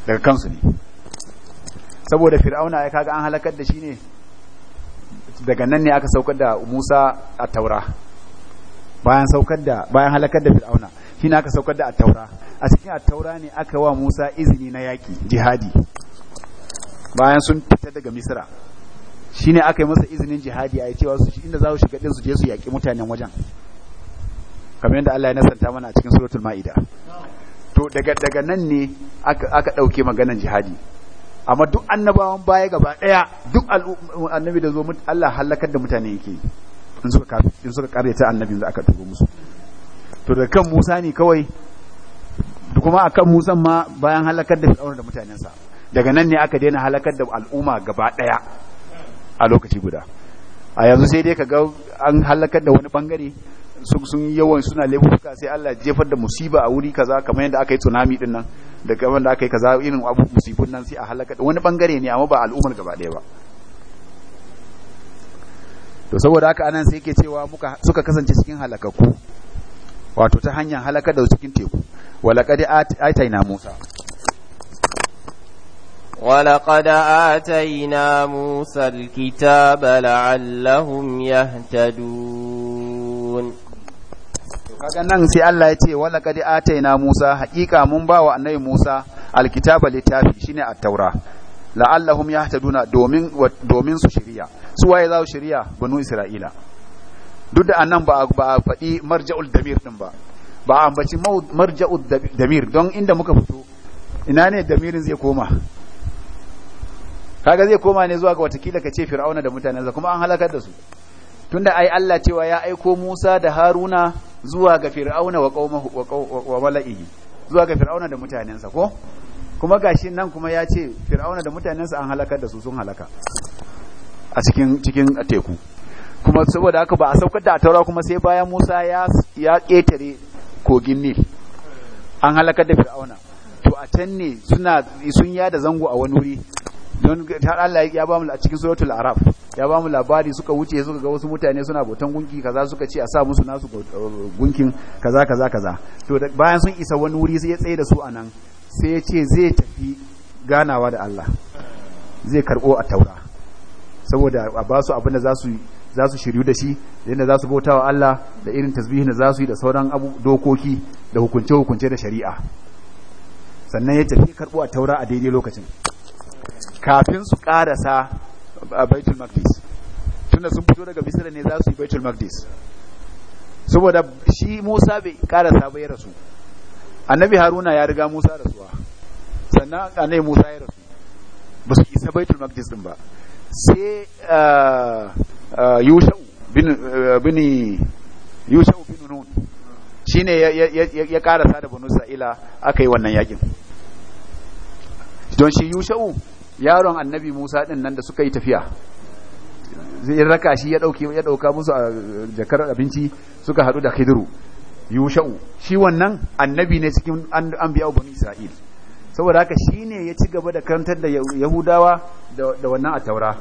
[SPEAKER 1] daga kansu ne saboda fir'auna ya kaga an halakar da shi ne daga nan ne aka saukar da Musa a taura bayan saukar da bayan halakar da fir'auna shi ne aka saukar da a taura a cikin a taura ne aka wa Musa izini na yaki jihadi bayan sun fita daga Misira, shi ne aka yi masa izinin jihadi a cewa su inda za su shiga din su je su yaƙi mutanen wajen kamar yadda Allah ya nasanta mana a cikin suratul ma'ida to daga daga nan ne aka ɗauke maganan jihadi amma duk annabawan baya gaba ɗaya duk annabi da zo Allah halakar da mutane yake in suka kafi in suka karyata annabin da aka turo musu to da kan Musa ne kawai kuma akan Musa ma bayan halakar da Fir'auna da mutanensa daga nan ne aka daina halakar da al'umma gaba daya a lokaci guda a yanzu sai dai ka ga an halakar da wani bangare sun yawan suna laifuka sai Allah jefar da musiba a wuri kaza kamar yadda aka yi tsunami din nan da kamar da aka yi kaza irin abu musibun nan sai a halakar da wani bangare ne amma ba al'ummar gaba daya ba to saboda haka anan sai yake cewa muka suka kasance cikin halakaku wato ta hanyar halakar da cikin teku walaqad ataina musa
[SPEAKER 2] ولقد آتينا موسى الكتاب لعلهم يهتدون
[SPEAKER 1] kaga nan sai Allah ya ce wala kadi ataina Musa hakika mun ba wa annabi Musa alkitaba littafi shine at-taura la'allahum yahtaduna domin domin su shiriya su waye za su shiriya banu Isra'ila duk da annan ba ba faɗi marja'ul damir din ba ba ambaci marja'ul damir don inda muka fito ina ne damirin zai koma kaga zai koma ne zuwa ga watakila ka ce fir'auna da mutanensa kuma an halakar da su tunda ai Allah cewa ya aiko Musa da Haruna zuwa ga fir'auna wa qaumahu wa mala'ihi zuwa ga fir'auna da mutanensa ko kuma gashin nan kuma ya ce fir'auna da mutanensa an halakar da su sun halaka a cikin cikin teku kuma saboda haka ba a saukar da taura kuma sai bayan Musa ya ya ketare kogin Nil an halakar da fir'auna to a can ne suna sun yada zango a wani wuri don har Allah ya ba mu a cikin suratul araf ya ba mu labari suka wuce suka ga wasu mutane suna botan gunki kaza suka ce a sa musu nasu uh, gunkin kaza kaza kaza to bayan sun isa wani wuri sai ya tsaye da su anan sai ya ce zai tafi ganawa da Allah zai karbo a taura saboda a ba su abin da za su za su shiryu da shi da yadda za su bauta wa Allah da irin tasbihi da za su yi da sauran abu dokoki da hukunce-hukunce da shari'a sannan ya tafi karbo a taura a daidai lokacin kafin su karasa a uh, baitul maqdis tunda sun fito daga misira ne za su yi baitul maqdis saboda shi musa bai karasa bai rasu annabi haruna ya riga musa rasuwa sannan annabi musa ya rasu ba su isa baitul maqdis din ba sai uh, uh, yushau bin bin yushau bin nun shine ya karasa da banu sa'ila aka yi wannan yakin don shi yushau yaron annabi musa din nan da suka yi tafiya zai raka shi ya dauke ya dauka musu a ah, jakar abinci suka hadu da khidru yusha'u shi wannan annabi ne cikin anbiya bani isra'il saboda haka shi ne ya ci gaba da karantar da yahudawa da wannan a taura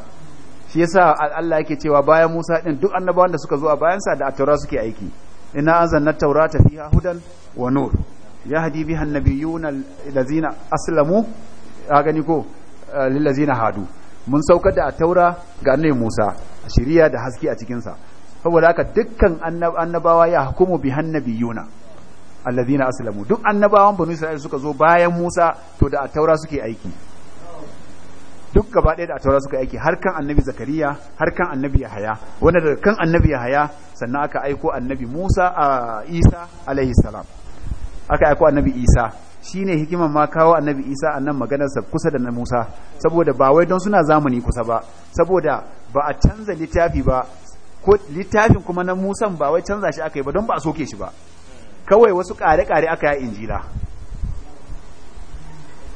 [SPEAKER 1] shi yasa Allah yake cewa bayan Musa din duk annabawan da suka zo a bayansa da a taura suke aiki ina anzalna taura taurata fiha hudan wa nur yahdi biha an da allazina aslamu a gani ko Eh, lillazina hadu mun saukar da taura ga annabi Musa shirya da haske a cikin sa saboda haka dukkan annabawa ya hukumu bi hannabi Yuna. Allazina aslamu duk annabawan banu Isra'il suka zo bayan Musa to da taura suke aiki duk gaba ɗaya da a taura suka aiki har kan annabi zakariya har kan annabi yahaya wanda daga kan annabi yahaya sannan aka aiko annabi musa a isa alaihi salam aka aiko annabi isa Shi ne hikimar ma kawo annabi isa a nan maganarsa kusa da na musa saboda ba wai don suna zamani kusa ba saboda ba a canza littafi ba ko littafin kuma na musan ba wai canza shi aka yi ba don ba a soke shi ba kawai wasu kare-kare aka yi injila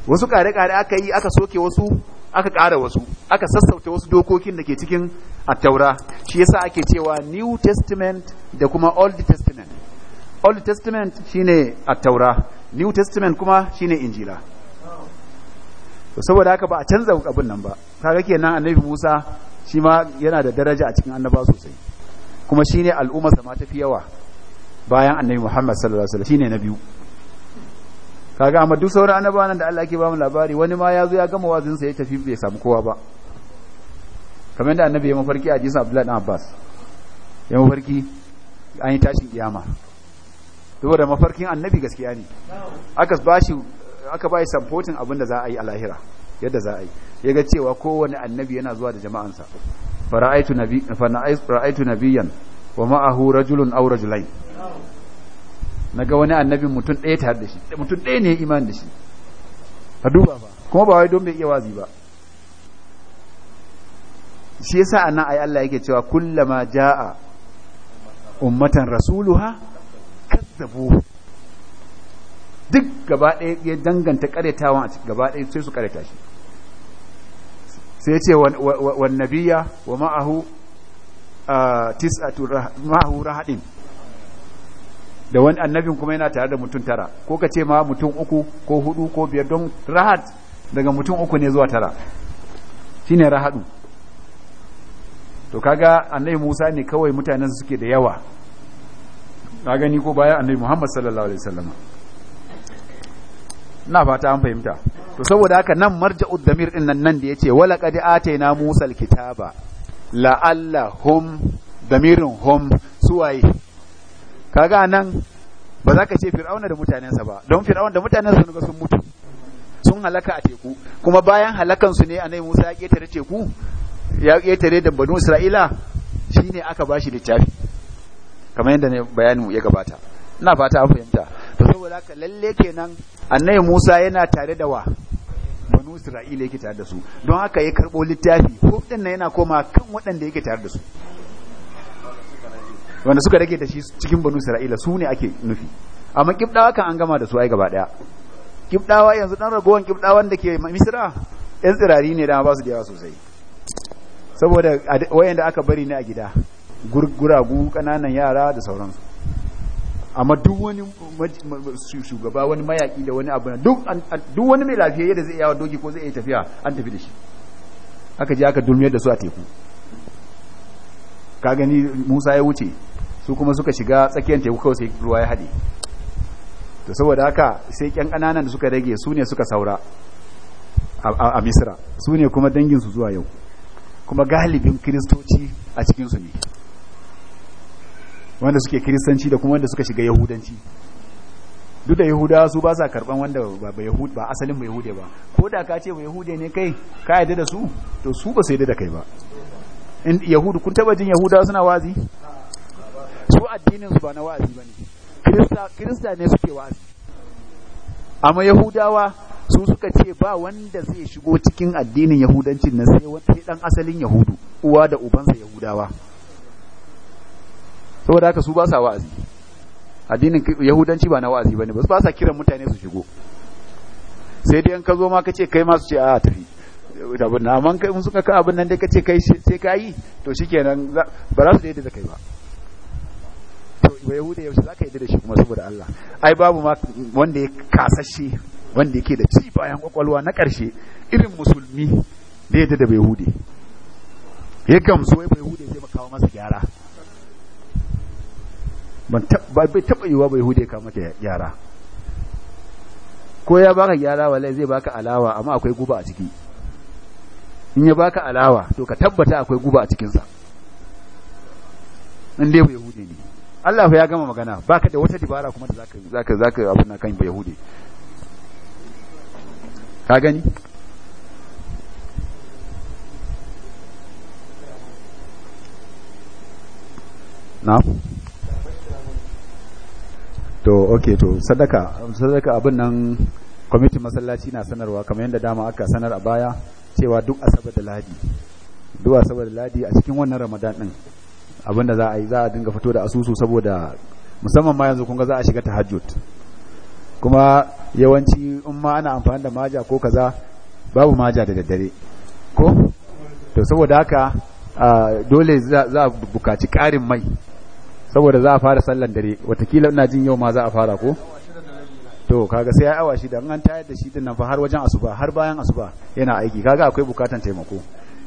[SPEAKER 1] wasu kare-kare aka yi aka soke wasu aka ƙara wasu aka sassauta wasu dokokin da ke cikin attaura shi yasa ake cewa new testament da kuma old testament old testament shine attaura new testament kuma shine injila saboda haka ba a canza abin nan ba kaga kenan annabi Musa shi ma yana da daraja a cikin annaba sosai kuma shine al'umma sama tafi yawa bayan annabi Muhammad sallallahu alaihi wasallam shine na biyu kaga amma duk sauran annaba nan da Allah yake ba mu labari wani ma ya zo ya gama wazin sa ya tafi bai samu kowa ba kamar da annabi ya mafarki a jisa abdullahi Abbas ya mafarki an yi tashin kiyama saboda mafarkin annabi gaskiya ne aka bashi aka bai samfotin abin da za a yi a lahira yadda za a yi ya ga cewa kowane annabi yana zuwa da jama'ansa fara'aitu nabiyyan wa ma'ahu rajulun aw rajulain naga wani annabi mutum ɗaya tare da shi mutum ɗaya ne imani da shi ka duba ba kuma ba wai don bai iya wazi ba shi yasa anan ayi Allah yake cewa kullama jaa ummatan rasuluha kazzabu duk gaba ɗaya ya danganta karyatawan a cikin gaba ɗaya sai su karyata shi sai ce wan nabiya wa ma'ahu tis'atu ma'ahu rahadin da wani annabin kuma yana tare da mutum tara ko ka ce ma mutum uku ko hudu ko biyar don rahad daga mutum uku ne zuwa tara shi ne rahadu to kaga annabi Musa ne kawai mutanen suke da yawa na gani ko bayan annabi Muhammad sallallahu alaihi wasallam na fata an fahimta to saboda haka nan marja'ud damir din nan nan da yace wala qad atayna Musa alkitaba allahum damirin hum suwaye kaga nan ba za ka ce fir'auna da mutanensa ba don fir'auna da mutanensa ne sun mutu sun halaka a teku kuma bayan halakan su ne annabi Musa ya ketare teku ya ketare da banu Isra'ila shine aka bashi littafi kamar yadda bayanin ya gabata ina fata an fahimta to saboda haka lalle kenan annabi Musa yana tare da wa banu Isra'ila yake tare da su don haka ya karbo littafi ko din yana koma kan waɗanda yake tare da su wanda suka rage da shi cikin banu Isra'ila su ne ake nufi amma kibdawa kan an gama da su ai gaba daya kibdawa yanzu dan ragowan kibdawan da ke Misra yan tsirari ne da ba su da yawa sosai saboda wayanda aka bari ne a gida guragu kananan yara da sauransu amma duk wani shugaba wani mayaki da wani abu duk wani mai lafiya da zai yawa doki ko zai yi tafiya an tafi da shi aka je aka dulmiyar da su a teku ka gani musa ya wuce su kuma suka shiga tsakiyar teku kawai sai ruwa ya haɗe to saboda haka sai ƙyan ƙananan da suka rage su ne suka saura a Misira su ne kuma danginsu zuwa yau kuma galibin kiristoci a cikinsu ne wanda suke kiristanci da kuma wanda suka shiga yahudanci duk da yahudawa su ba sa karban wanda ba yahud ba asalin ba yahude ba ko da ka ce ba yahude ne kai ka yadda da su to su ba su yadda da kai ba in yahudu kun taba jin yahudawa suna wazi su addinin su ba na wazi bane kirista kirista ne suke wazi amma yahudawa su suka ce ba wanda zai shigo cikin addinin yahudancin na sai dan asalin yahudu uwa da ubansa yahudawa saboda haka su ba sa wa'azi addinin yahudanci ba na wa'azi bane ba su ba sa kiran mutane su shigo sai dai an ka zo ma ka ce kai ma su ce a tafi abin nan amma kai suka ka abin nan dai ka ce kai sai ka yi to shikenan ba za su yadda da kai ba to ba yahuda yaushe za ka yadda da shi kuma saboda Allah ai babu ma wanda ya kasashe wanda yake da ci bayan kwakwalwa na ƙarshe irin musulmi da yadda da bai hude ya gamsu wai bai hude zai makawa masa gyara ban bai taba yiwa ba yahude ka maka yara ko ya baka gyara wallahi zai baka alawa amma akwai guba a ciki in ya baka alawa to ka tabbata akwai guba a cikinsa in dai ba yahude ne Allah ya gama magana baka da wata dibara kuma da zaka zaka zaka na kan ba yahude ka gani na'am to okay to sadaka sadaka abin nan kwamitin masallaci na sanarwa kamar yadda dama aka sanar a baya cewa duk asabar da ladi duk asabar da ladi a cikin wannan ramadan din abin da za a yi za a dinga fito da asusu saboda musamman ma yanzu kunga za a shiga tahajjud kuma yawanci in ma ana amfani da maja ko kaza babu maja da daddare ko to saboda haka dole za a bukaci karin mai saboda za a fara sallan dare watakila ina jin yau ma za a fara ko to kaga sai ya awa shida an tayar da shi din nan fa har wajen asuba har bayan asuba yana aiki kaga akwai bukatan taimako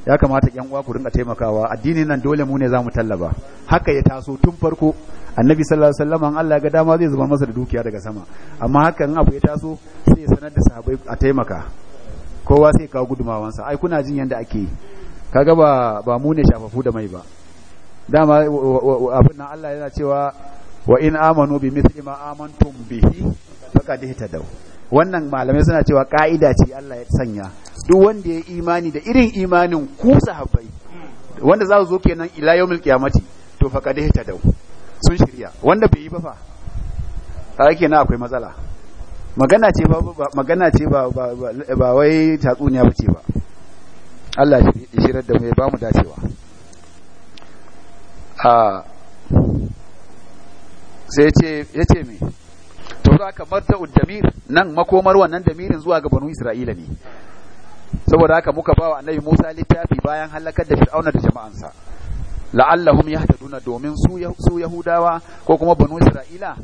[SPEAKER 1] ya kamata yan uwa ku rinka taimakawa addinin nan dole mu ne za mu tallaba haka ya taso tun farko annabi sallallahu alaihi wasallam an Allah ga dama zai zuba masa da dukiya daga sama amma haka hakan abu ya taso sai ya sanar da sahabbai a taimaka kowa sai kawo gudumawansa ai kuna jin yanda ake kaga ba ba mu ne shafafu da mai ba dama abin nan Allah yana cewa wa in amanu bi mithli ma amantum bihi faqad ihtadaw wannan malamai suna cewa ka'ida ce Allah ya sanya duk wanda ya imani da irin imanin ku sahabbai wanda za su zo kenan ila yawmil qiyamati to faqad ihtadaw sun shirya wanda bai yi ba fa yake na akwai matsala magana ce ba magana ce ba ba wai tatsuniya bace ba Allah ya shirar da mu ya ba mu dacewa a sai ya ce me to za ka marta damir nan makomar wannan damirin zuwa ga banu isra'ila ne saboda haka muka ba wa annabi musa littafi bayan halakar da fir'auna da jama'ansa la'allahum yahtaduna domin su yahudawa ko kuma banu isra'ila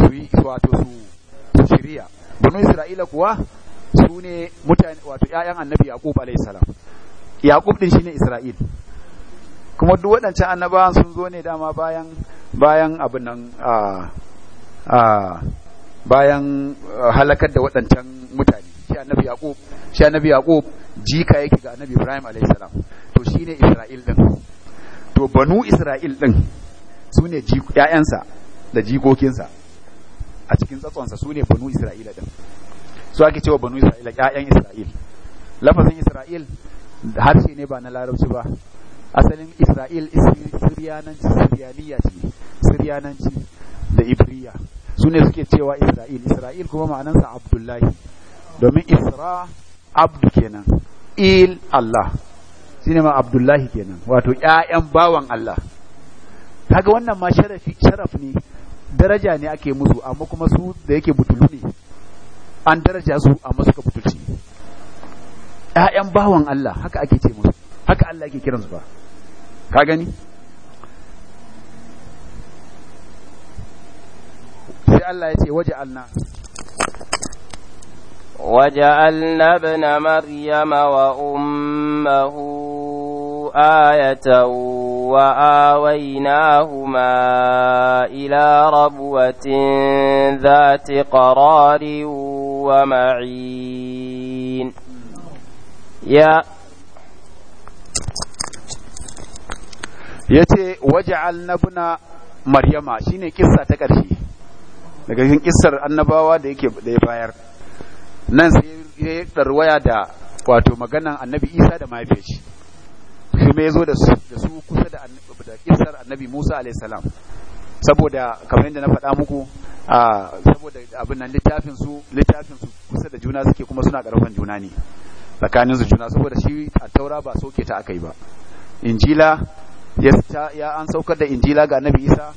[SPEAKER 1] su yi wato su shiriya banu isra'ila kuwa su ne mutane wato 'ya'yan annabi yaqub alayhi salam yaqub din shine isra'il kuma duk waɗancan annabawan sun zo ne dama bayan bayan abin nan a a bayan halakar da waɗancan mutane shi annabi yaqub shi annabi yaqub jika yake ga annabi ibrahim alayhi salam to shine isra'il din to banu isra'il din sune ƴaƴansa da jikokinsa a cikin tsatsonsa sune banu isra'ila din su ake cewa banu isra'ila ƴaƴan isra'il lafazin isra'il harshe ne ba na larabci ba asalin isra'il siriyananci siriyaniya ce siriyananci da ibriya su ne suke cewa isra'il isra'il kuma ma'anansa abdullahi domin isra abdu kenan il allah shi ne ma abdullahi kenan wato ‘ya'yan bawan allah kaga wannan ma sharaf ne daraja ne ake musu amma kuma su da yake butulu ne an daraja su amma suka butulci ‘ya'yan bawan allah haka ake ce musu haka allah ke kiransu ba ka gani sai
[SPEAKER 2] Allah maryama wa ummahu ayata wa awaina huma ila rabuwatin zati karari wa ma'in ya ya ce waje
[SPEAKER 1] annabuna maryama shine kissa ta ƙarshe daga cikin kissar annabawa da yake da ya bayar nan sai ya yi ɗarwaya da wato maganan annabi isa da mahaifiyar shi kuma ya zo da su kusa da kissar annabi musa alaihissalam saboda kamar yadda na faɗa muku a saboda abin nan littafin su littafin su kusa da juna suke kuma suna ƙarfan juna ne tsakanin su juna saboda shi a taura ba soke ta aka yi ba injila ya an saukar da injila ga annabi isa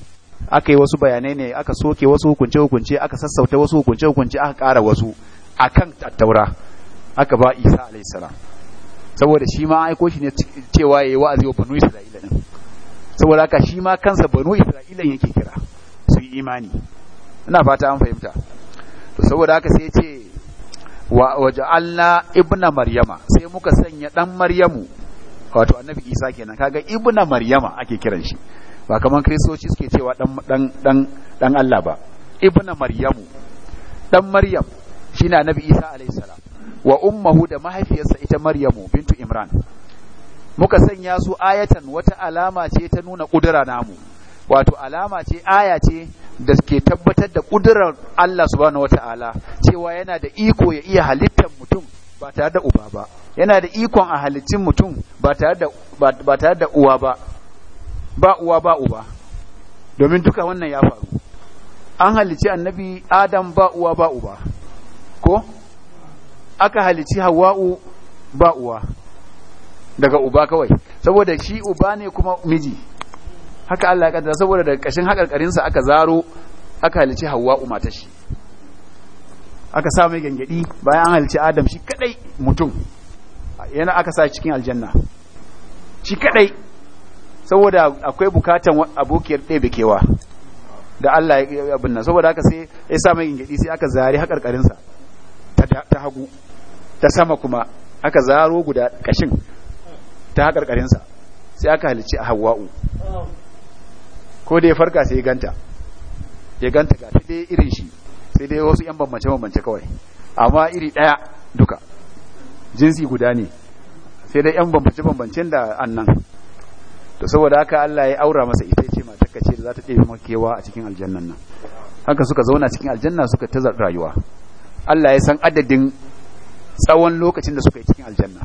[SPEAKER 1] aka yi wasu bayanai ne aka soke wasu hukunce hukunce aka sassauta wasu hukunce hukunce aka ƙara wasu a kan tattaura aka ba isa alayhi saboda shi ma aiko shi ne cewa yi wa'azi wa banu isra'ila din saboda haka shi ma kansa banu isra'ila yake kira su yi imani ina fata an fahimta to saboda haka sai ce wa waja'alna ibna maryama sai muka sanya dan maryamu wato annabi isa kenan kaga ibna maryama ake kiran shi ba kaman kristoci suke cewa dan dan dan Allah ba ibna maryamu dan maryam shine annabi isa alayhi salam wa ummuhu da mahaifiyarsa ita maryamu bintu imran muka sanya su ayatan wata alama ce ta nuna kudura namu wato alama ce aya ce da ke tabbatar da kudurar Allah subhanahu wataala cewa yana da iko ya iya halittar mutum ba tare da uba ba yana da ikon a halittin mutum ba tare da uwa ba ba uwa ba uba domin duka wannan ya faru an halici annabi adam ba uwa ba uba ko aka halici hawa'u ba uwa daga uba kawai saboda shi uba ne kuma miji haka Allah ya saboda daga kashin haƙarƙarinsa aka zaro aka halici hawa'u mata shi aka sa mai gangadi bayan an halci adam shi kadai mutum yana aka sa cikin aljanna shi kadai saboda akwai bukatan abokiyar ɗebe kewa da Allah ya abin nan saboda aka sai ya sa mai gangadi sai aka zari haƙarƙarinsa ta hagu ta sama kuma aka zaro guda ƙashin ta haƙarƙarinsa sai aka halici a hawa'u ko da ya farka sai ya ganta ya ganta ga ta irin shi sai dai wasu yan bambance bambance kawai amma iri daya duka jinsi guda ne sai dai yan bambance bambancen da annan to saboda haka Allah ya aura masa ita ce mata kace da za ta makewa a cikin aljannan nan haka suka zauna cikin aljanna suka ta rayuwa Allah ya san adadin tsawon lokacin da suka yi cikin aljanna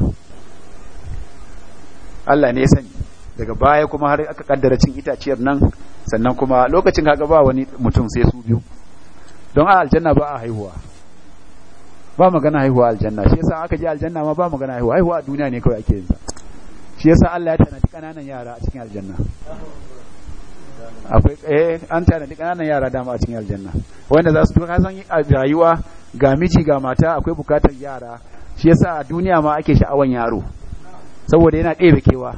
[SPEAKER 1] Allah ne ya sani daga baya kuma har aka kaddara cin itaciyar nan sannan kuma lokacin kaga ba wani mutum sai su biyu don a aljanna ba a haihuwa ba magana haihuwa aljanna shi yasa aka je aljanna ma ba magana haihuwa haihuwa a duniya ne kawai ake yin sa shi yasa Allah ya tanadi kananan yara a cikin aljanna akwai eh an tanadi kananan yara dama a cikin aljanna wanda za su duka san rayuwa ga miji ga mata akwai bukatar yara shi yasa a duniya ma ake sha'awan yaro saboda yana ɗebe kewa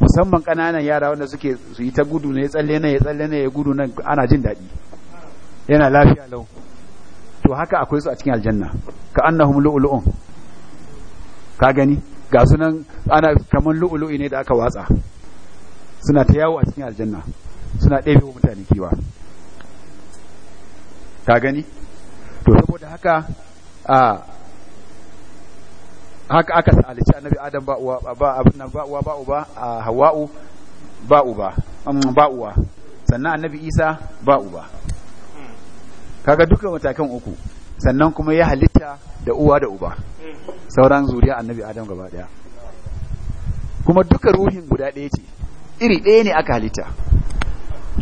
[SPEAKER 1] musamman kananan yara wanda suke su yi ta gudu ne tsalle ne ya tsalle ne ya gudu nan ana jin daɗi yana lafiya lau to haka akwai su a cikin aljanna ka annahum lu'lu'un ka gani ga sunan ana kaman lu'lu'i ne da aka watsa suna ta yawo a cikin aljanna suna ɗebe mutane kiwa ka gani to saboda haka a haka aka salici annabi adam ba uwa ba abin nan ba uwa ba uba a hawa'u ba uba um, ba uwa sannan annabi isa ba uba kaga duka matakan uku sannan kuma ya halitta da uwa da uba sauran zuriya annabi adam gaba daya kuma duka ruhin guda ɗaya ce iri ɗaya ne aka halitta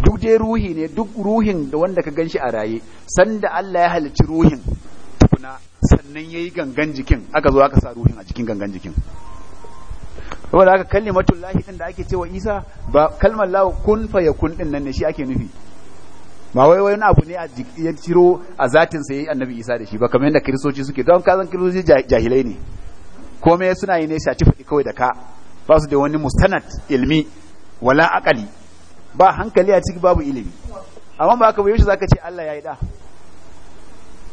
[SPEAKER 1] duk dai ruhi ne duk ruhin da wanda ka gan shi a raye sanda Allah ya halicci ruhin tukuna sannan ya yi gangan jikin aka zo aka sa ruhin a cikin gangan jikin saboda haka kalli matullahi ɗin da ake cewa Isa ba kalmar lahu kun kun ɗin nan ne shi ake nufi Ma wai wani abu ne a ya ciro a zatin sa annabi isa da shi ba kamar yadda kiristoci suke don kazan kiristoci jahilai ne komai suna yi ne shaci faɗi kawai da ka ba su da wani mustanad ilmi wala akali ba hankali a ciki babu ilimi amma ba ka bayo shi zaka ce Allah ya yi da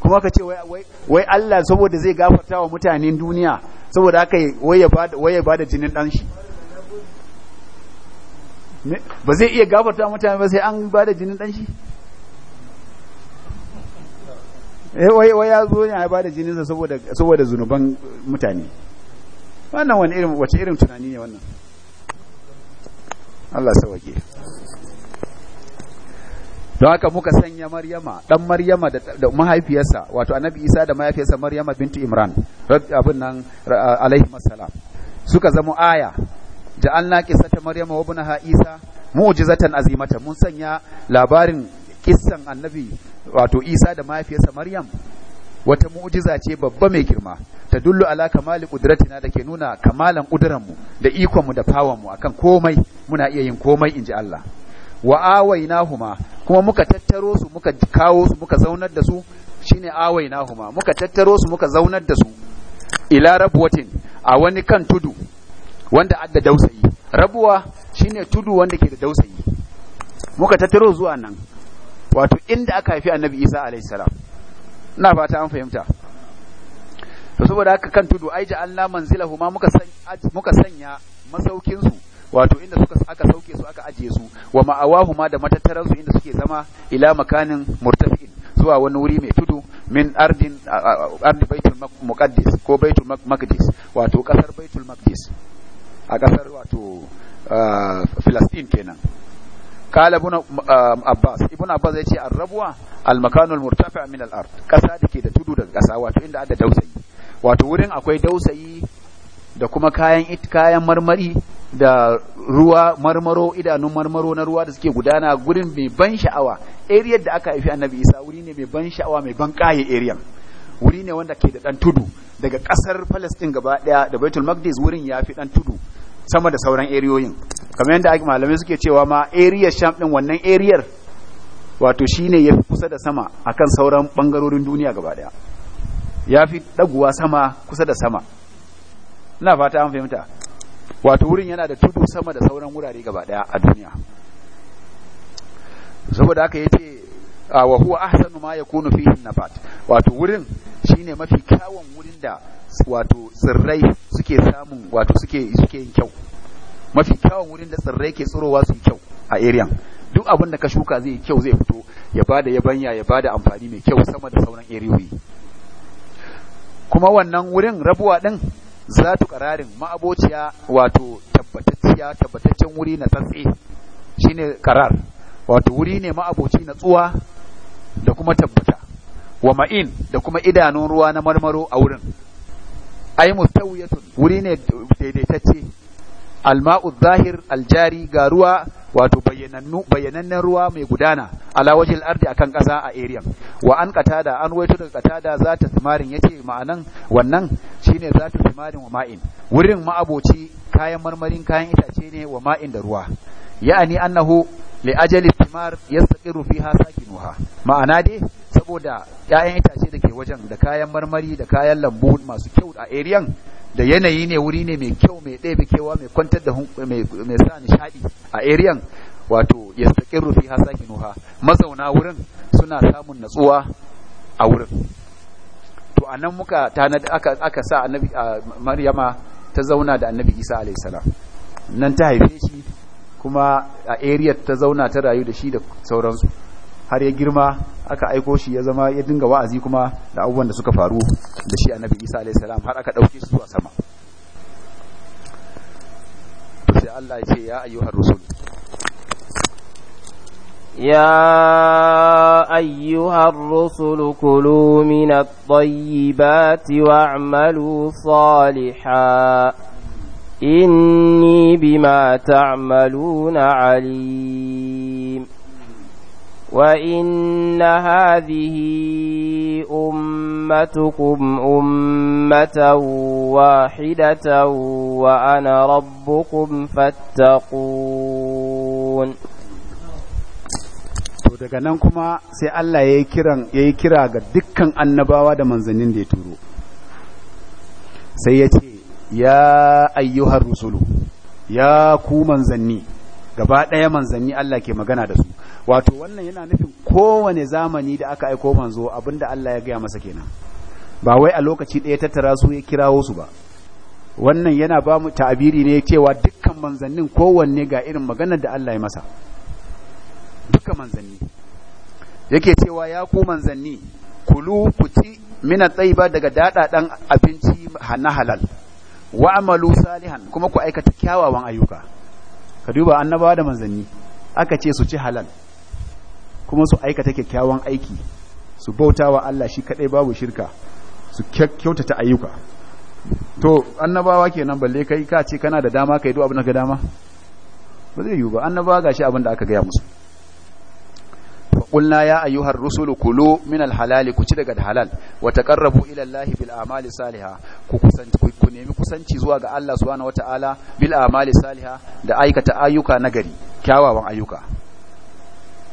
[SPEAKER 1] kuma ka ce wai Allah saboda zai gafarta wa mutanen duniya saboda haka wai ya bada jinin dan shi ba zai iya gafarta mutane ba sai an bada jinin dan shi Eh, wai ya zo ya ba da jininsa saboda zunuban mutane wannan wani irin wace irin tunani ne wannan Allah sauke don haka muka sanya maryama dan maryama da mahaifiyarsa wato annabi isa da mahaifiyarsa maryama bintu imran abin nan alaihi masalam suka zama aya ja'alna qissata maryama wa ibnaha isa mu'jizatan azimata mun sanya labarin kissan annabi wato isa da mahaifiyarsa maryam wata mu'jiza ce babba mai girma ta dullu ala kamali qudratina da ke nuna kamalan kuduranmu da ikonmu da fawanmu akan komai muna iya yin komai inji Allah wa awainahuma kuma muka tattaro su muka kawo su muka zaunar da su shine awainahuma muka tattaro su muka zaunar da su ila rabwatin a wani kan tudu wanda adda dausayi rabuwa shine tudu wanda ke da dausayi muka tattaro zuwa nan wato inda aka haifi annabi isa alaihi salam ina fata an fahimta to saboda haka kan tudu ai ja'alna manzilahu ma muka sanya muka sanya masaukin su wato inda suka aka sauke su aka ajiye su wa ma'awahu ma da matattararsu su inda suke zama ila makanin murtafi'in zuwa wani wuri mai tudu min ardin ardi baitul muqaddis ko baitul maqdis wato kasar baitul maqdis a kasar wato Filastin kenan قال ابن عباس ابن عباس yace arrabuwa almakanul murtafi min al-ard kasa dake da tudu daga kasa wato inda ada dausayi wato wurin akwai dausayi da kuma kayan kayan marmari da ruwa marmaro idanun marmaro na ruwa da suke gudana wurin mai ban sha'awa Eriyar da aka haifi annabi isa wuri ne mai ban sha'awa mai ban kaye area wuri ne wanda ke da dan tudu daga ƙasar Palestine gaba daya da Baitul Maqdis wurin ya fi dan tudu sama da sauran eriyoyin kamar yadda malamai suke cewa ma eriyar sham din wannan eriyar wato shine fi kusa da sama a kan sauran bangarorin duniya gaba daya fi daguwa sama kusa da sama ina fata an fahimta wato wurin yana da tudu sama da sauran wurare gaba daya a duniya saboda haka yace Ah, wa huwa ahsanu ma yakunu fihi nabat wato wurin shine mafi kyawun wurin da wato tsirrai suke samun wato suke suke yin kyau mafi kyawun wurin da tsirrai ke tsirowa su kyau a area duk abin da ka shuka zai kyau zai fito ya bada yabanya ya bada amfani mai kyau sama da sauran eriyoyi kuma wannan wurin rabuwa din za tu kararin ma'abociya wato tabbatacciya tabbataccen wuri na tsatse shine karar wato wuri ne ma'aboci na tsuwa da kuma tabbata wa ma'in da kuma idanun ruwa na marmaro a wurin ai mustawiyatun wuri ne daidaitacce alma'u zahir aljari ga ruwa wato bayyanannen ruwa mai gudana ala wajil ardi akan ƙasa a area wa an qatada an waito daga qatada ta simarin yace ma'anan wannan shine za ta sumarin wa ma'in wurin ma'aboci kayan marmarin kayan itace ne wa ma'in da ruwa ya'ani annahu li ajali thimar yastaqiru fiha sakinuha ma'ana dai saboda 'ya'yan itace da ke wajen da kayan marmari da kayan lambu masu kyau a area da yanayi ne wuri ne mai kyau mai ɗebe kewa mai kwantar da mai sa nishaɗi a area wato yastaqiru fiha sakinuha mazauna wurin suna samun natsuwa a wurin to anan muka tanad aka aka sa annabi Maryama ta zauna da annabi Isa alayhi salam nan ta haife shi kuma a area ta zauna ta rayu da shi da sauransu har ya girma aka aiko shi ya zama ya dinga wa'azi kuma da abubuwan da suka faru da shi annabi Isa alayhi salam har aka ɗauke su zuwa sama to sai Allah ya ce ya ayyuhar rusul
[SPEAKER 2] Ya ayyuhar rusul kulu minat tayyibati wa'malu salihan إني بما تعملون عليم وإن هذه أمتكم أمة واحدة وأنا ربكم فاتقون daga nan kuma
[SPEAKER 1] sai Allah ya yi kira ga dukkan annabawa da manzannin da ya turo sai ya ce ya ayyuhar rusulu ya ku manzanni gaba ɗaya manzanni Allah ke magana da su wato wannan yana nufin kowane zamani da aka aiko manzo abinda Allah ya gaya masa kenan ba wai a lokaci ɗaya tattara su ya kirawo su ba wannan yana ba mu ta'abiri ne cewa dukkan manzannin kowanne ga irin maganar da Allah ya masa dukkan manzanni yake cewa ya ku manzanni kulu ku ci mina tsayiba daga daɗaɗan abinci na halal Wa'amalu salihan kuma ku aikata kyawawan ayyuka ka duba annabawa da manzanni aka ce su ci halal kuma su aikata kyakkyawan aiki su bauta wa Allah shi kadai babu shirka su ta ayyuka to annabawa kenan balle kai ka ce kana da dama yi duk abin da ka dama ba zai yiwu ba annabawa shi abin da aka gaya musu qulna ya ayyuhar rusulu kulu min alhalali ku ci daga halal wata karrabu ila allahi bil ku nemi kusanci zuwa ga Allah subhanahu wataala bil amali salihah da aikata ayyuka nagari kyawawan ayyuka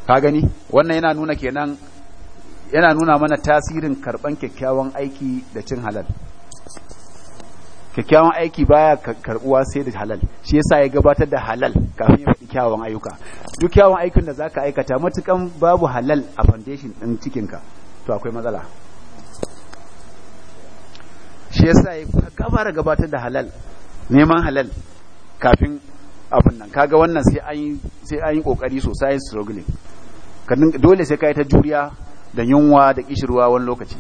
[SPEAKER 1] ka gani wannan yana nuna mana tasirin karɓar kyakkyawan aiki da cin halal kyakkyawan aiki baya karbuwa sai da halal shi yasa ya gabatar da halal kafin ya faɗi kyawawan ayyuka duk kyawawan aikin da zaka aikata matukan babu halal a foundation din cikinka to akwai matsala shi yasa ya fara gabatar da halal neman halal kafin abin nan kaga wannan sai an yi sai an yi kokari sosai dole sai ka ta juriya da yunwa da kishirwa wani lokaci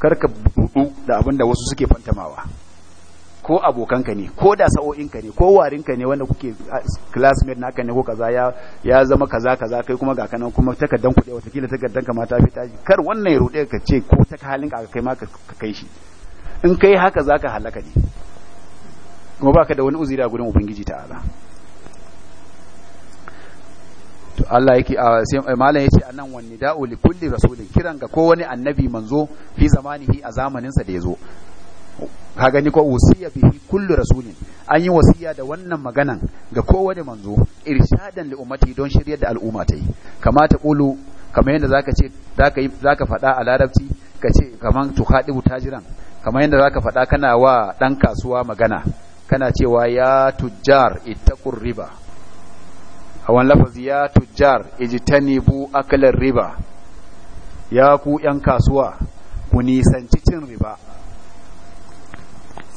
[SPEAKER 1] karka buɗu da abin wasu suke fantamawa ko abokanka ne ko da sa'o'inka ne ko warinka ne wanda kuke classmate naka ne ko kaza ya ya zama kaza kaza kai kuma ga kanan kuma takardan kuɗi watakila takardan ka mata fita kar wannan ya ruɗe ka ce ko ta halin ka kai ma ka kai shi in kai haka zaka halaka ne kuma baka da wani uzuri a gurin ubangiji ta'ala to Allah yake a sai eh, malam yace anan wani da'u li kulli rasulin kiran ga kowani annabi manzo fi zamanihi a zamanin sa da yazo ka gani ko wasiya bihi kullu rasulin an yi wasiya da wannan maganan ga kowane manzo irshadan li ummati don shiryar da al'umma ta yi kamata kulu kamar yadda zaka ce zaka zaka faɗa a larabci ka ce tu tuhadibu tajiran kamar yadda zaka faɗa kana wa dan kasuwa magana kana cewa ya tujjar ittaqur riba a wani lafazi ya tujjar ijtanibu akalar riba ya ku yan kasuwa ku nisanci cin riba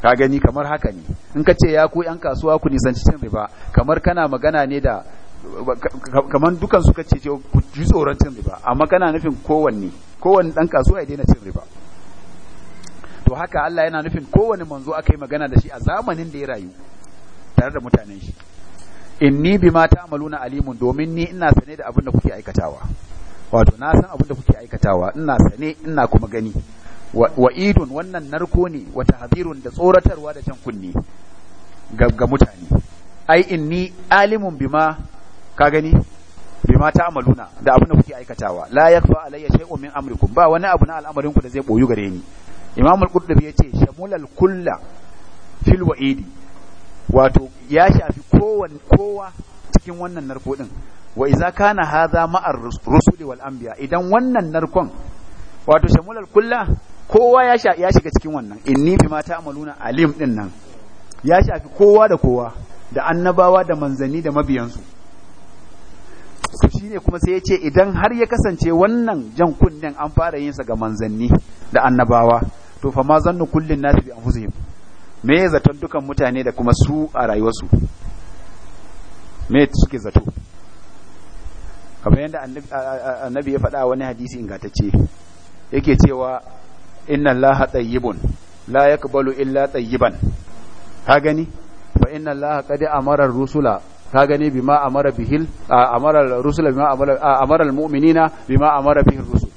[SPEAKER 1] ka gani kamar haka ne in ka ce ya ku yan kasuwa ku nisanci cin riba kamar kana magana ne da kamar dukan suka ce ku ji tsoron cin riba amma kana nufin kowanne kowanne dan kasuwa ya daina cin riba to haka Allah yana nufin kowanne manzo aka yi magana da shi a zamanin da ya rayu tare da mutanen shi inni bima ta'maluna alimun domin ni ina sane da abin da kuke aikatawa wato na san abin da kuke aikatawa ina sane ina kuma gani wa'idun wannan narko ne wa tahzirun da tsoratarwa da jan kunne ga mutane ai inni alimun bima ka gani bima ta amaluna. da abin da kuke aikatawa la yakfa alayya shay'un min amrikum ba wani abu na al'amarin ku da zai boyu gare ni imam al-qurtubi yace shamulal kulla fil wa'idi wato ya shafi kowa kowa cikin wannan narko din wa idza kana hadha ma'ar rusuli wal anbiya idan wannan narkon wato shamulal kulla kowa ya shiga cikin wannan inni mata amaluna alim din nan ya shafi kowa da kowa da annabawa da manzanni da mabiyansu su shine kuma sai ya ce idan har ya kasance wannan jan kunnen an fara yinsa ga manzanni da annabawa to fa ma zannu kullin nasu bi anfusihim me ya zaton dukan mutane da kuma su a rayuwarsu me suke zato kamar yadda annabi ya faɗa wani hadisi ingantacce yake cewa inna allaha tayyibun la yaqbalu illa tayyiban ka gani fa inna allaha qad amara rusula ka gani bima amara bihil amara rusula bima amara amara almu'minina bima amara bihil rusul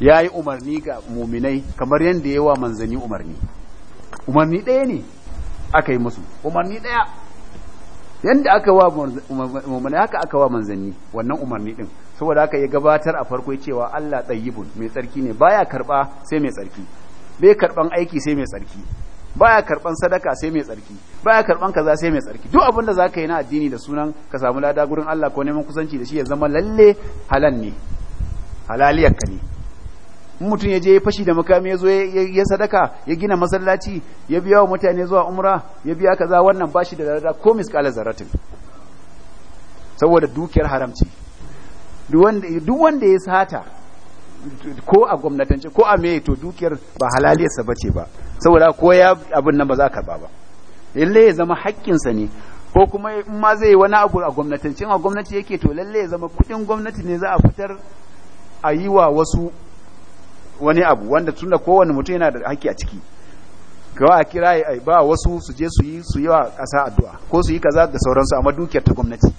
[SPEAKER 1] yayi umarni ga mu'minai kamar yanda yawa manzani umarni umarni ɗaya ne aka yi musu umarni ɗaya yanda aka wa muminai haka aka wa manzani wannan umarni ɗin saboda aka ya gabatar a farko cewa Allah tsayibun mai tsarki ne baya karba sai mai tsarki bai karban aiki sai mai tsarki baya karban sadaka sai mai tsarki baya karban kaza sai mai tsarki duk abin da zaka yi na addini da sunan ka samu lada gurin Allah ko neman kusanci da shi ya zama lalle halal ne halaliyar ka ne in mutum ya je ya fashi da makami ya zo ya sadaka ya gina masallaci ya biya wa mutane zuwa umra ya biya kaza wannan bashi da lada ko misqala zaratin saboda dukiyar haramci duk wanda ya sata ko a gwamnatance ko a meye to dukiyar ba halaliyarsa ba ce ba saboda ko ya abin nan ba za ka ba ba lalle ya zama haƙƙinsa ne ko kuma in ma zai wani abu a gwamnatance a gwamnati yake to lalle ya zama kuɗin gwamnati ne za a fitar a yi wa wasu wani abu wanda tunda kowane mutum yana da haƙƙi a ciki gawa a kira ba wasu su je su yi su yi wa ƙasa addu'a ko su yi kaza da sauransu amma dukiyar ta gwamnati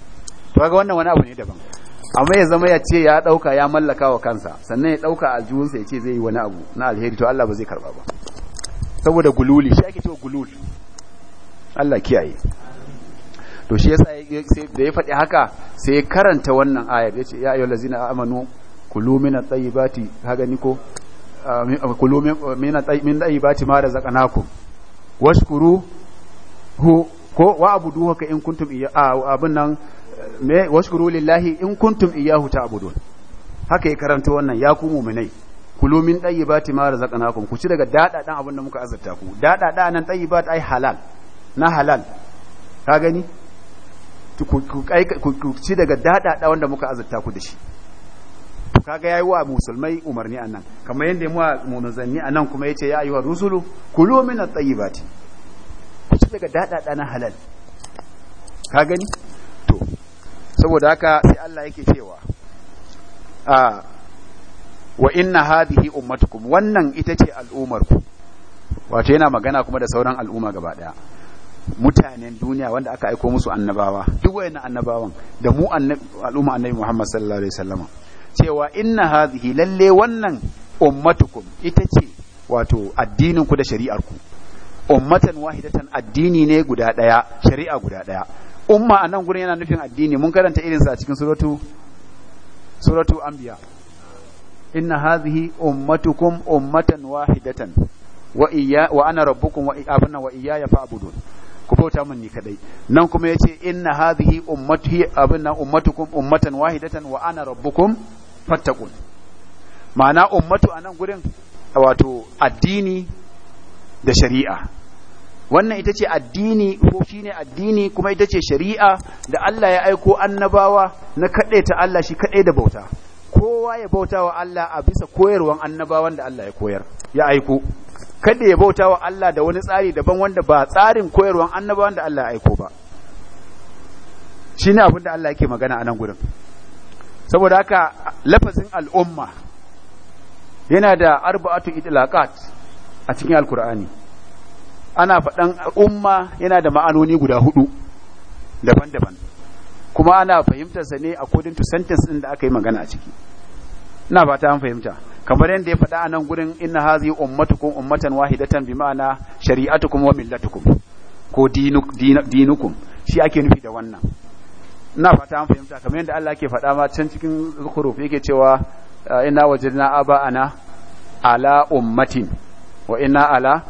[SPEAKER 1] to kaga wannan wani abu ne daban amma ya zama ya ce ya dauka ya mallaka wa kansa sannan ya dauka a juwunsa ya ce zai yi wani abu na alheri to Allah ba zai karba ba saboda gululi shi ake cewa gululi Allah kiyaye to shi yasa da ya faɗi haka sai ya karanta wannan ayar ya ce ya ayyuhal ladzina amanu kulu minat tayyibati haga ni ko ah, kulu minat min tayyibati ma razaqnakum washkuru hu ko wa abuduhu ka in kuntum ah, abun nan me washkuru lillahi in kuntum iyyahu ta'budun haka ya karanta wannan ya ku mu'minai kulu min tayyibati ma razaqnakum ku ci daga dan abin da muka azurta ku da nan tayyibat ai halal na halal ka gani ku ci daga da wanda muka azurta ku da shi to kaga yayi wa musulmai umarni anan kamar yanda mu munzanni anan kuma yace ya ayyuhar rusulu kulu min at-tayyibati ku ci daga da na halal ka gani saboda haka sai Allah yake cewa a
[SPEAKER 2] wa inna hadhihi
[SPEAKER 1] ummatukum wannan ita ce al'ummarku wato yana magana kuma da sauran al'umma gaba daya mutanen duniya wanda aka aiko musu annabawa duk wayannan annabawan da mu al'umma annabi Muhammad sallallahu alaihi wasallama cewa inna hadhihi lalle wannan ummatukum ita ce wato addinin ku da shari'ar ku ummatan wahidatan addini ne guda daya shari'a guda daya umma a nan gurin yana nufin addini mun karanta irinsa a cikin suratu suratu anbiya inna hadhihi ummatukum ummatan wahidatan wa iyya wa ana rabbukum wa abana wa iyaya fa'budun ku bauta mun ni kadai nan kuma yace inna hadhihi ummati abana ummatukum ummatan wahidatan wa ana rabbukum fattaqun ma'ana ummatu a nan gurin wato addini da shari'a wannan ita ce addini ko shi ne addini kuma ita ce shari'a da Allah ya aiko annabawa na ta Allah shi kaɗai da bauta kowa ya bauta wa Allah a bisa koyarwan annabawan da Allah ya koyar ya aiko kada ya bauta wa Allah da wani tsari daban wanda ba tsarin koyarwan annabawan da Allah ya aiko ba shi ne abin da Allah yake magana a nan gudun saboda haka lafazin al'umma yana da arba'atu itlaqat a cikin alkur'ani ana faɗan umma yana da ma'anoni guda hudu daban-daban kuma ana fahimtarsa ne according to sentence ɗin da aka yi magana a ciki ina ba ta an fahimta kamar yadda ya faɗa a nan gurin ina hazi ummatukum ummatan wahidatan bi ma'ana shari'atukum wa millatukum ko dinukum shi ake nufi da wannan ina fata an fahimta kamar yadda Allah ke faɗa ma can cikin zukhruf yake cewa ina inna wajadna aba'ana ala ummatin wa ina ala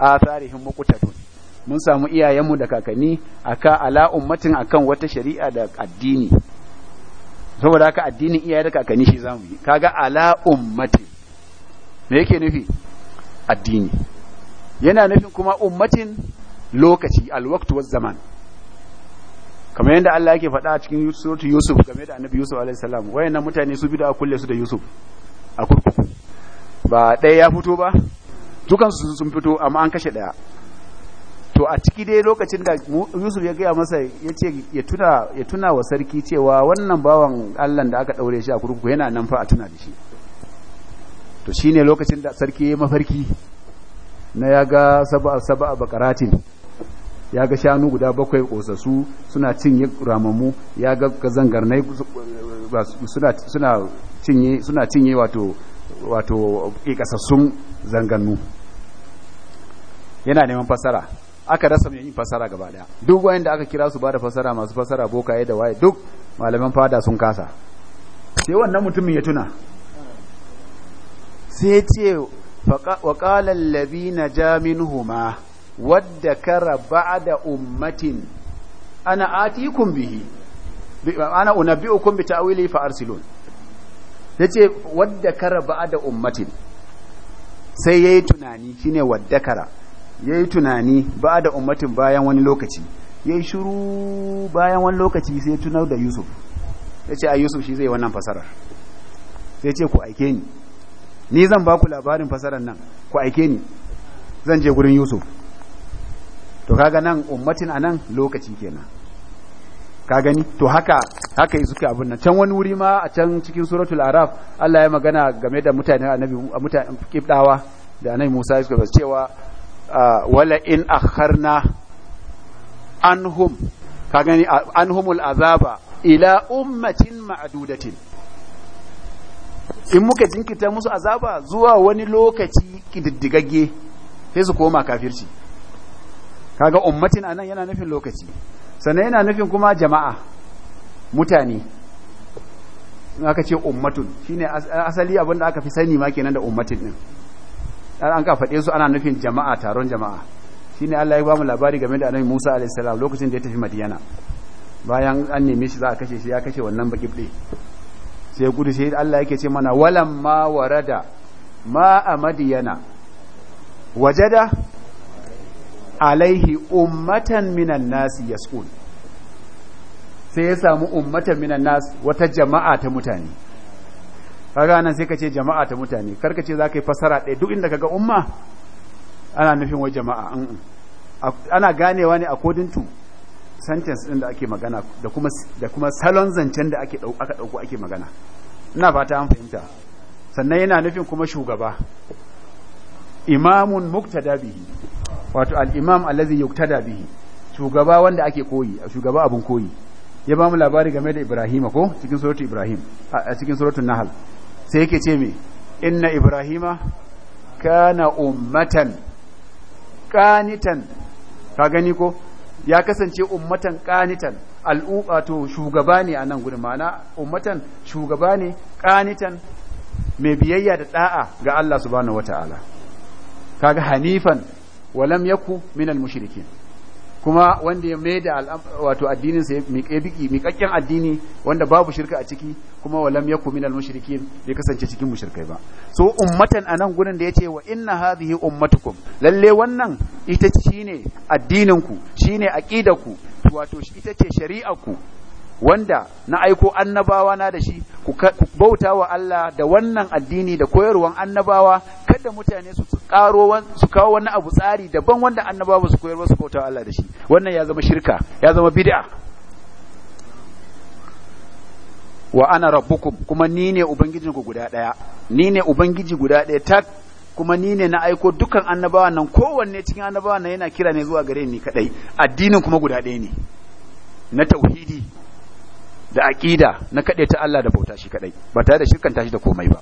[SPEAKER 1] atharihim muqtadun mun samu iyayenmu da kakanni aka ala ummatin akan wata shari'a da addini saboda haka addinin iyaye da kakanni shi zamu yi kaga ala ummati me yake nufi addini yana nufin kuma ummatin lokaci alwaqtu waz zaman kamar yadda Allah yake faɗa a cikin suratu Yusuf game da Annabi Yusuf alaihi salam wayannan mutane su bi da kulle su da Yusuf a kurkuku ba ɗaya ya fito ba dukansu sun fito amma an kashe ɗaya. to a ciki dai lokacin da yusuf ya gaya masa ya ce ya tuna wa sarki cewa wannan bawan allah da aka ɗaure shi a kurkuku yana nan fa a tuna da shi to shine lokacin da sarki ya mafarki na ya ga saba a bakaratin ya ga shanu guda bakwai kosassu suna cinye ramamu ya ga zangarnai suna cinye wato wato kasassun zangannu yana neman fasara aka rasa mai yin fasara gaba daya duk wayanda aka kira su ba da fasara masu fasara bokaye da waye duk malaman fada sun kasa sai wannan mutumin ya tuna sai ce wa qala allazina jaminhuma wadda kara ba'da ummatin ana atikum bihi ana unabbiukum bi ta'wili fa arsilun yace wadda kara da ummatin sai yayi tunani shine wadda kara ya yi tunani ba da ummatin bayan wani lokaci ya yi shuru bayan wani lokaci sai tunar da yusuf ya ce a yusuf shi zai wannan fasarar sai ce ku aike ni ni zan ba ku labarin fasarar nan ku aike ni zan je gurin yusuf to kaga nan ummatin a nan lokaci kenan ka gani to haka haka suke abin nan can wani wuri ma a can cikin suratul araf Allah ya magana game da mutane annabi mutane kibdawa da annabi Musa ya ce cewa wala in akharna anhum ka gani anhumul azaba ila ummatin ma'dudatin in muka jinkita musu azaba zuwa wani lokaci kididdigagge sai su koma kafirci kaga ummatin anan yana nufin lokaci sannan yana nufin kuma jama'a mutane aka ce ummatun shine asali abinda aka fi sani ma kenan da ummatin din an ka faɗe su ana nufin jama'a taron jama'a shine Allah ya ba mu labari game da annabi Musa alayhi salam lokacin da ya tafi Madiyana bayan an neme shi za a kashe shi ya kashe wannan bakibde sai gudu sai Allah yake ce mana walam ma warada ma a Madiyana wajada alaihi ummatan minan nasi yasqul sai ya samu ummatan minan nas wata jama'a ta mutane kaga nan sai ka ce jama'a ta mutane kar ka ce za ka yi fasara ɗaya duk inda ga umma ana nufin wai jama'a ana ganewa ne according to sentence ɗin da ake magana da kuma salon zancen da ake aka ɗauko ake magana ina fata an fahimta sannan yana nufin kuma shugaba imamun muktada bihi wato al-imam allazi yuktada bihi shugaba wanda ake koyi shugaba abun koyi ya ba mu labari game da Ibrahim ko cikin suratul Ibrahim a cikin suratul Nahal. sai yake ce mai inna ibrahima kana ummatan kanitan ka gani ko ya kasance ummatan kanitan al'uba to shugaba ne a nan gudun ma'ana ummatan shugaba ne kanitan mai biyayya da da'a ga Allah subhanahu wataala ga hanifan walam yaku minal mushrikin kuma wanda ya mai da wato addininsa sa miƙe biki miƙaƙƙen addini wanda babu shirka a ciki kuma walam yakum minal mushrikin bai kasance cikin mushrikai ba so ummatan anan gurin da ya ce wa inna hadhihi ummatukum lalle wannan ita shine addinin ku shine aqidaku wato ita ce shari'ar ku wanda na aiko annabawa na da shi ku bauta wa Allah da wannan addini da koyarwan annabawa kada mutane su karo su kawo wani abu tsari daban wanda annabawa su koyarwa su bauta wa Allah da shi wannan ya zama shirka ya zama bid'a wa ana rabbukum kuma ni ne ku guda daya ni ne ubangiji guda daya tak kuma ni ne na aiko dukan annabawa nan kowanne cikin annabawa nan yana kira ne zuwa gare ni kadai addinin kuma guda ɗaya ne na tauhidi da aqida na kade ta Allah da bauta shi kadai ba tare da shirkan tashi da komai ba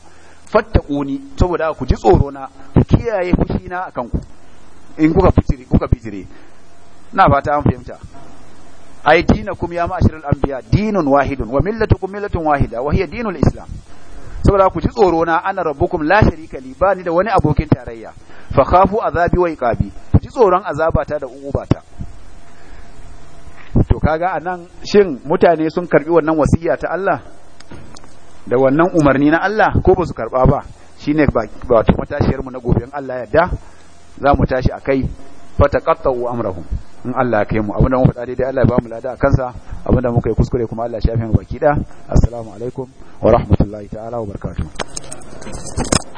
[SPEAKER 1] fattaquni saboda ku ji tsoro na ku kiyaye fushi na akan ku in kuka fitire kuka bijire na fata an fahimta ai dinakum ya ma'asharal anbiya dinun wahidun wa millatukum millatun wahida wa hiya dinul islam saboda ku ji tsoro na ana rabbukum la sharika li bani da wani abokin tarayya fa khafu azabi wa iqabi ku ji tsoron azabata da ubata. to kaga nan shin mutane sun karbi wannan wasiya ta Allah da wannan umarni na Allah ko ba su karba ba shine wato matashiyarmu mu na gobe in Allah yarda za mu tashi a akai fataqattu amrahum in Allah ya kai mu abinda mun faɗa daidai Allah ya ba mu lada a kansa abinda muka yi kuskure kuma Allah ya shafe mu baki da assalamu alaikum wa rahmatullahi ta'ala wa barakatuh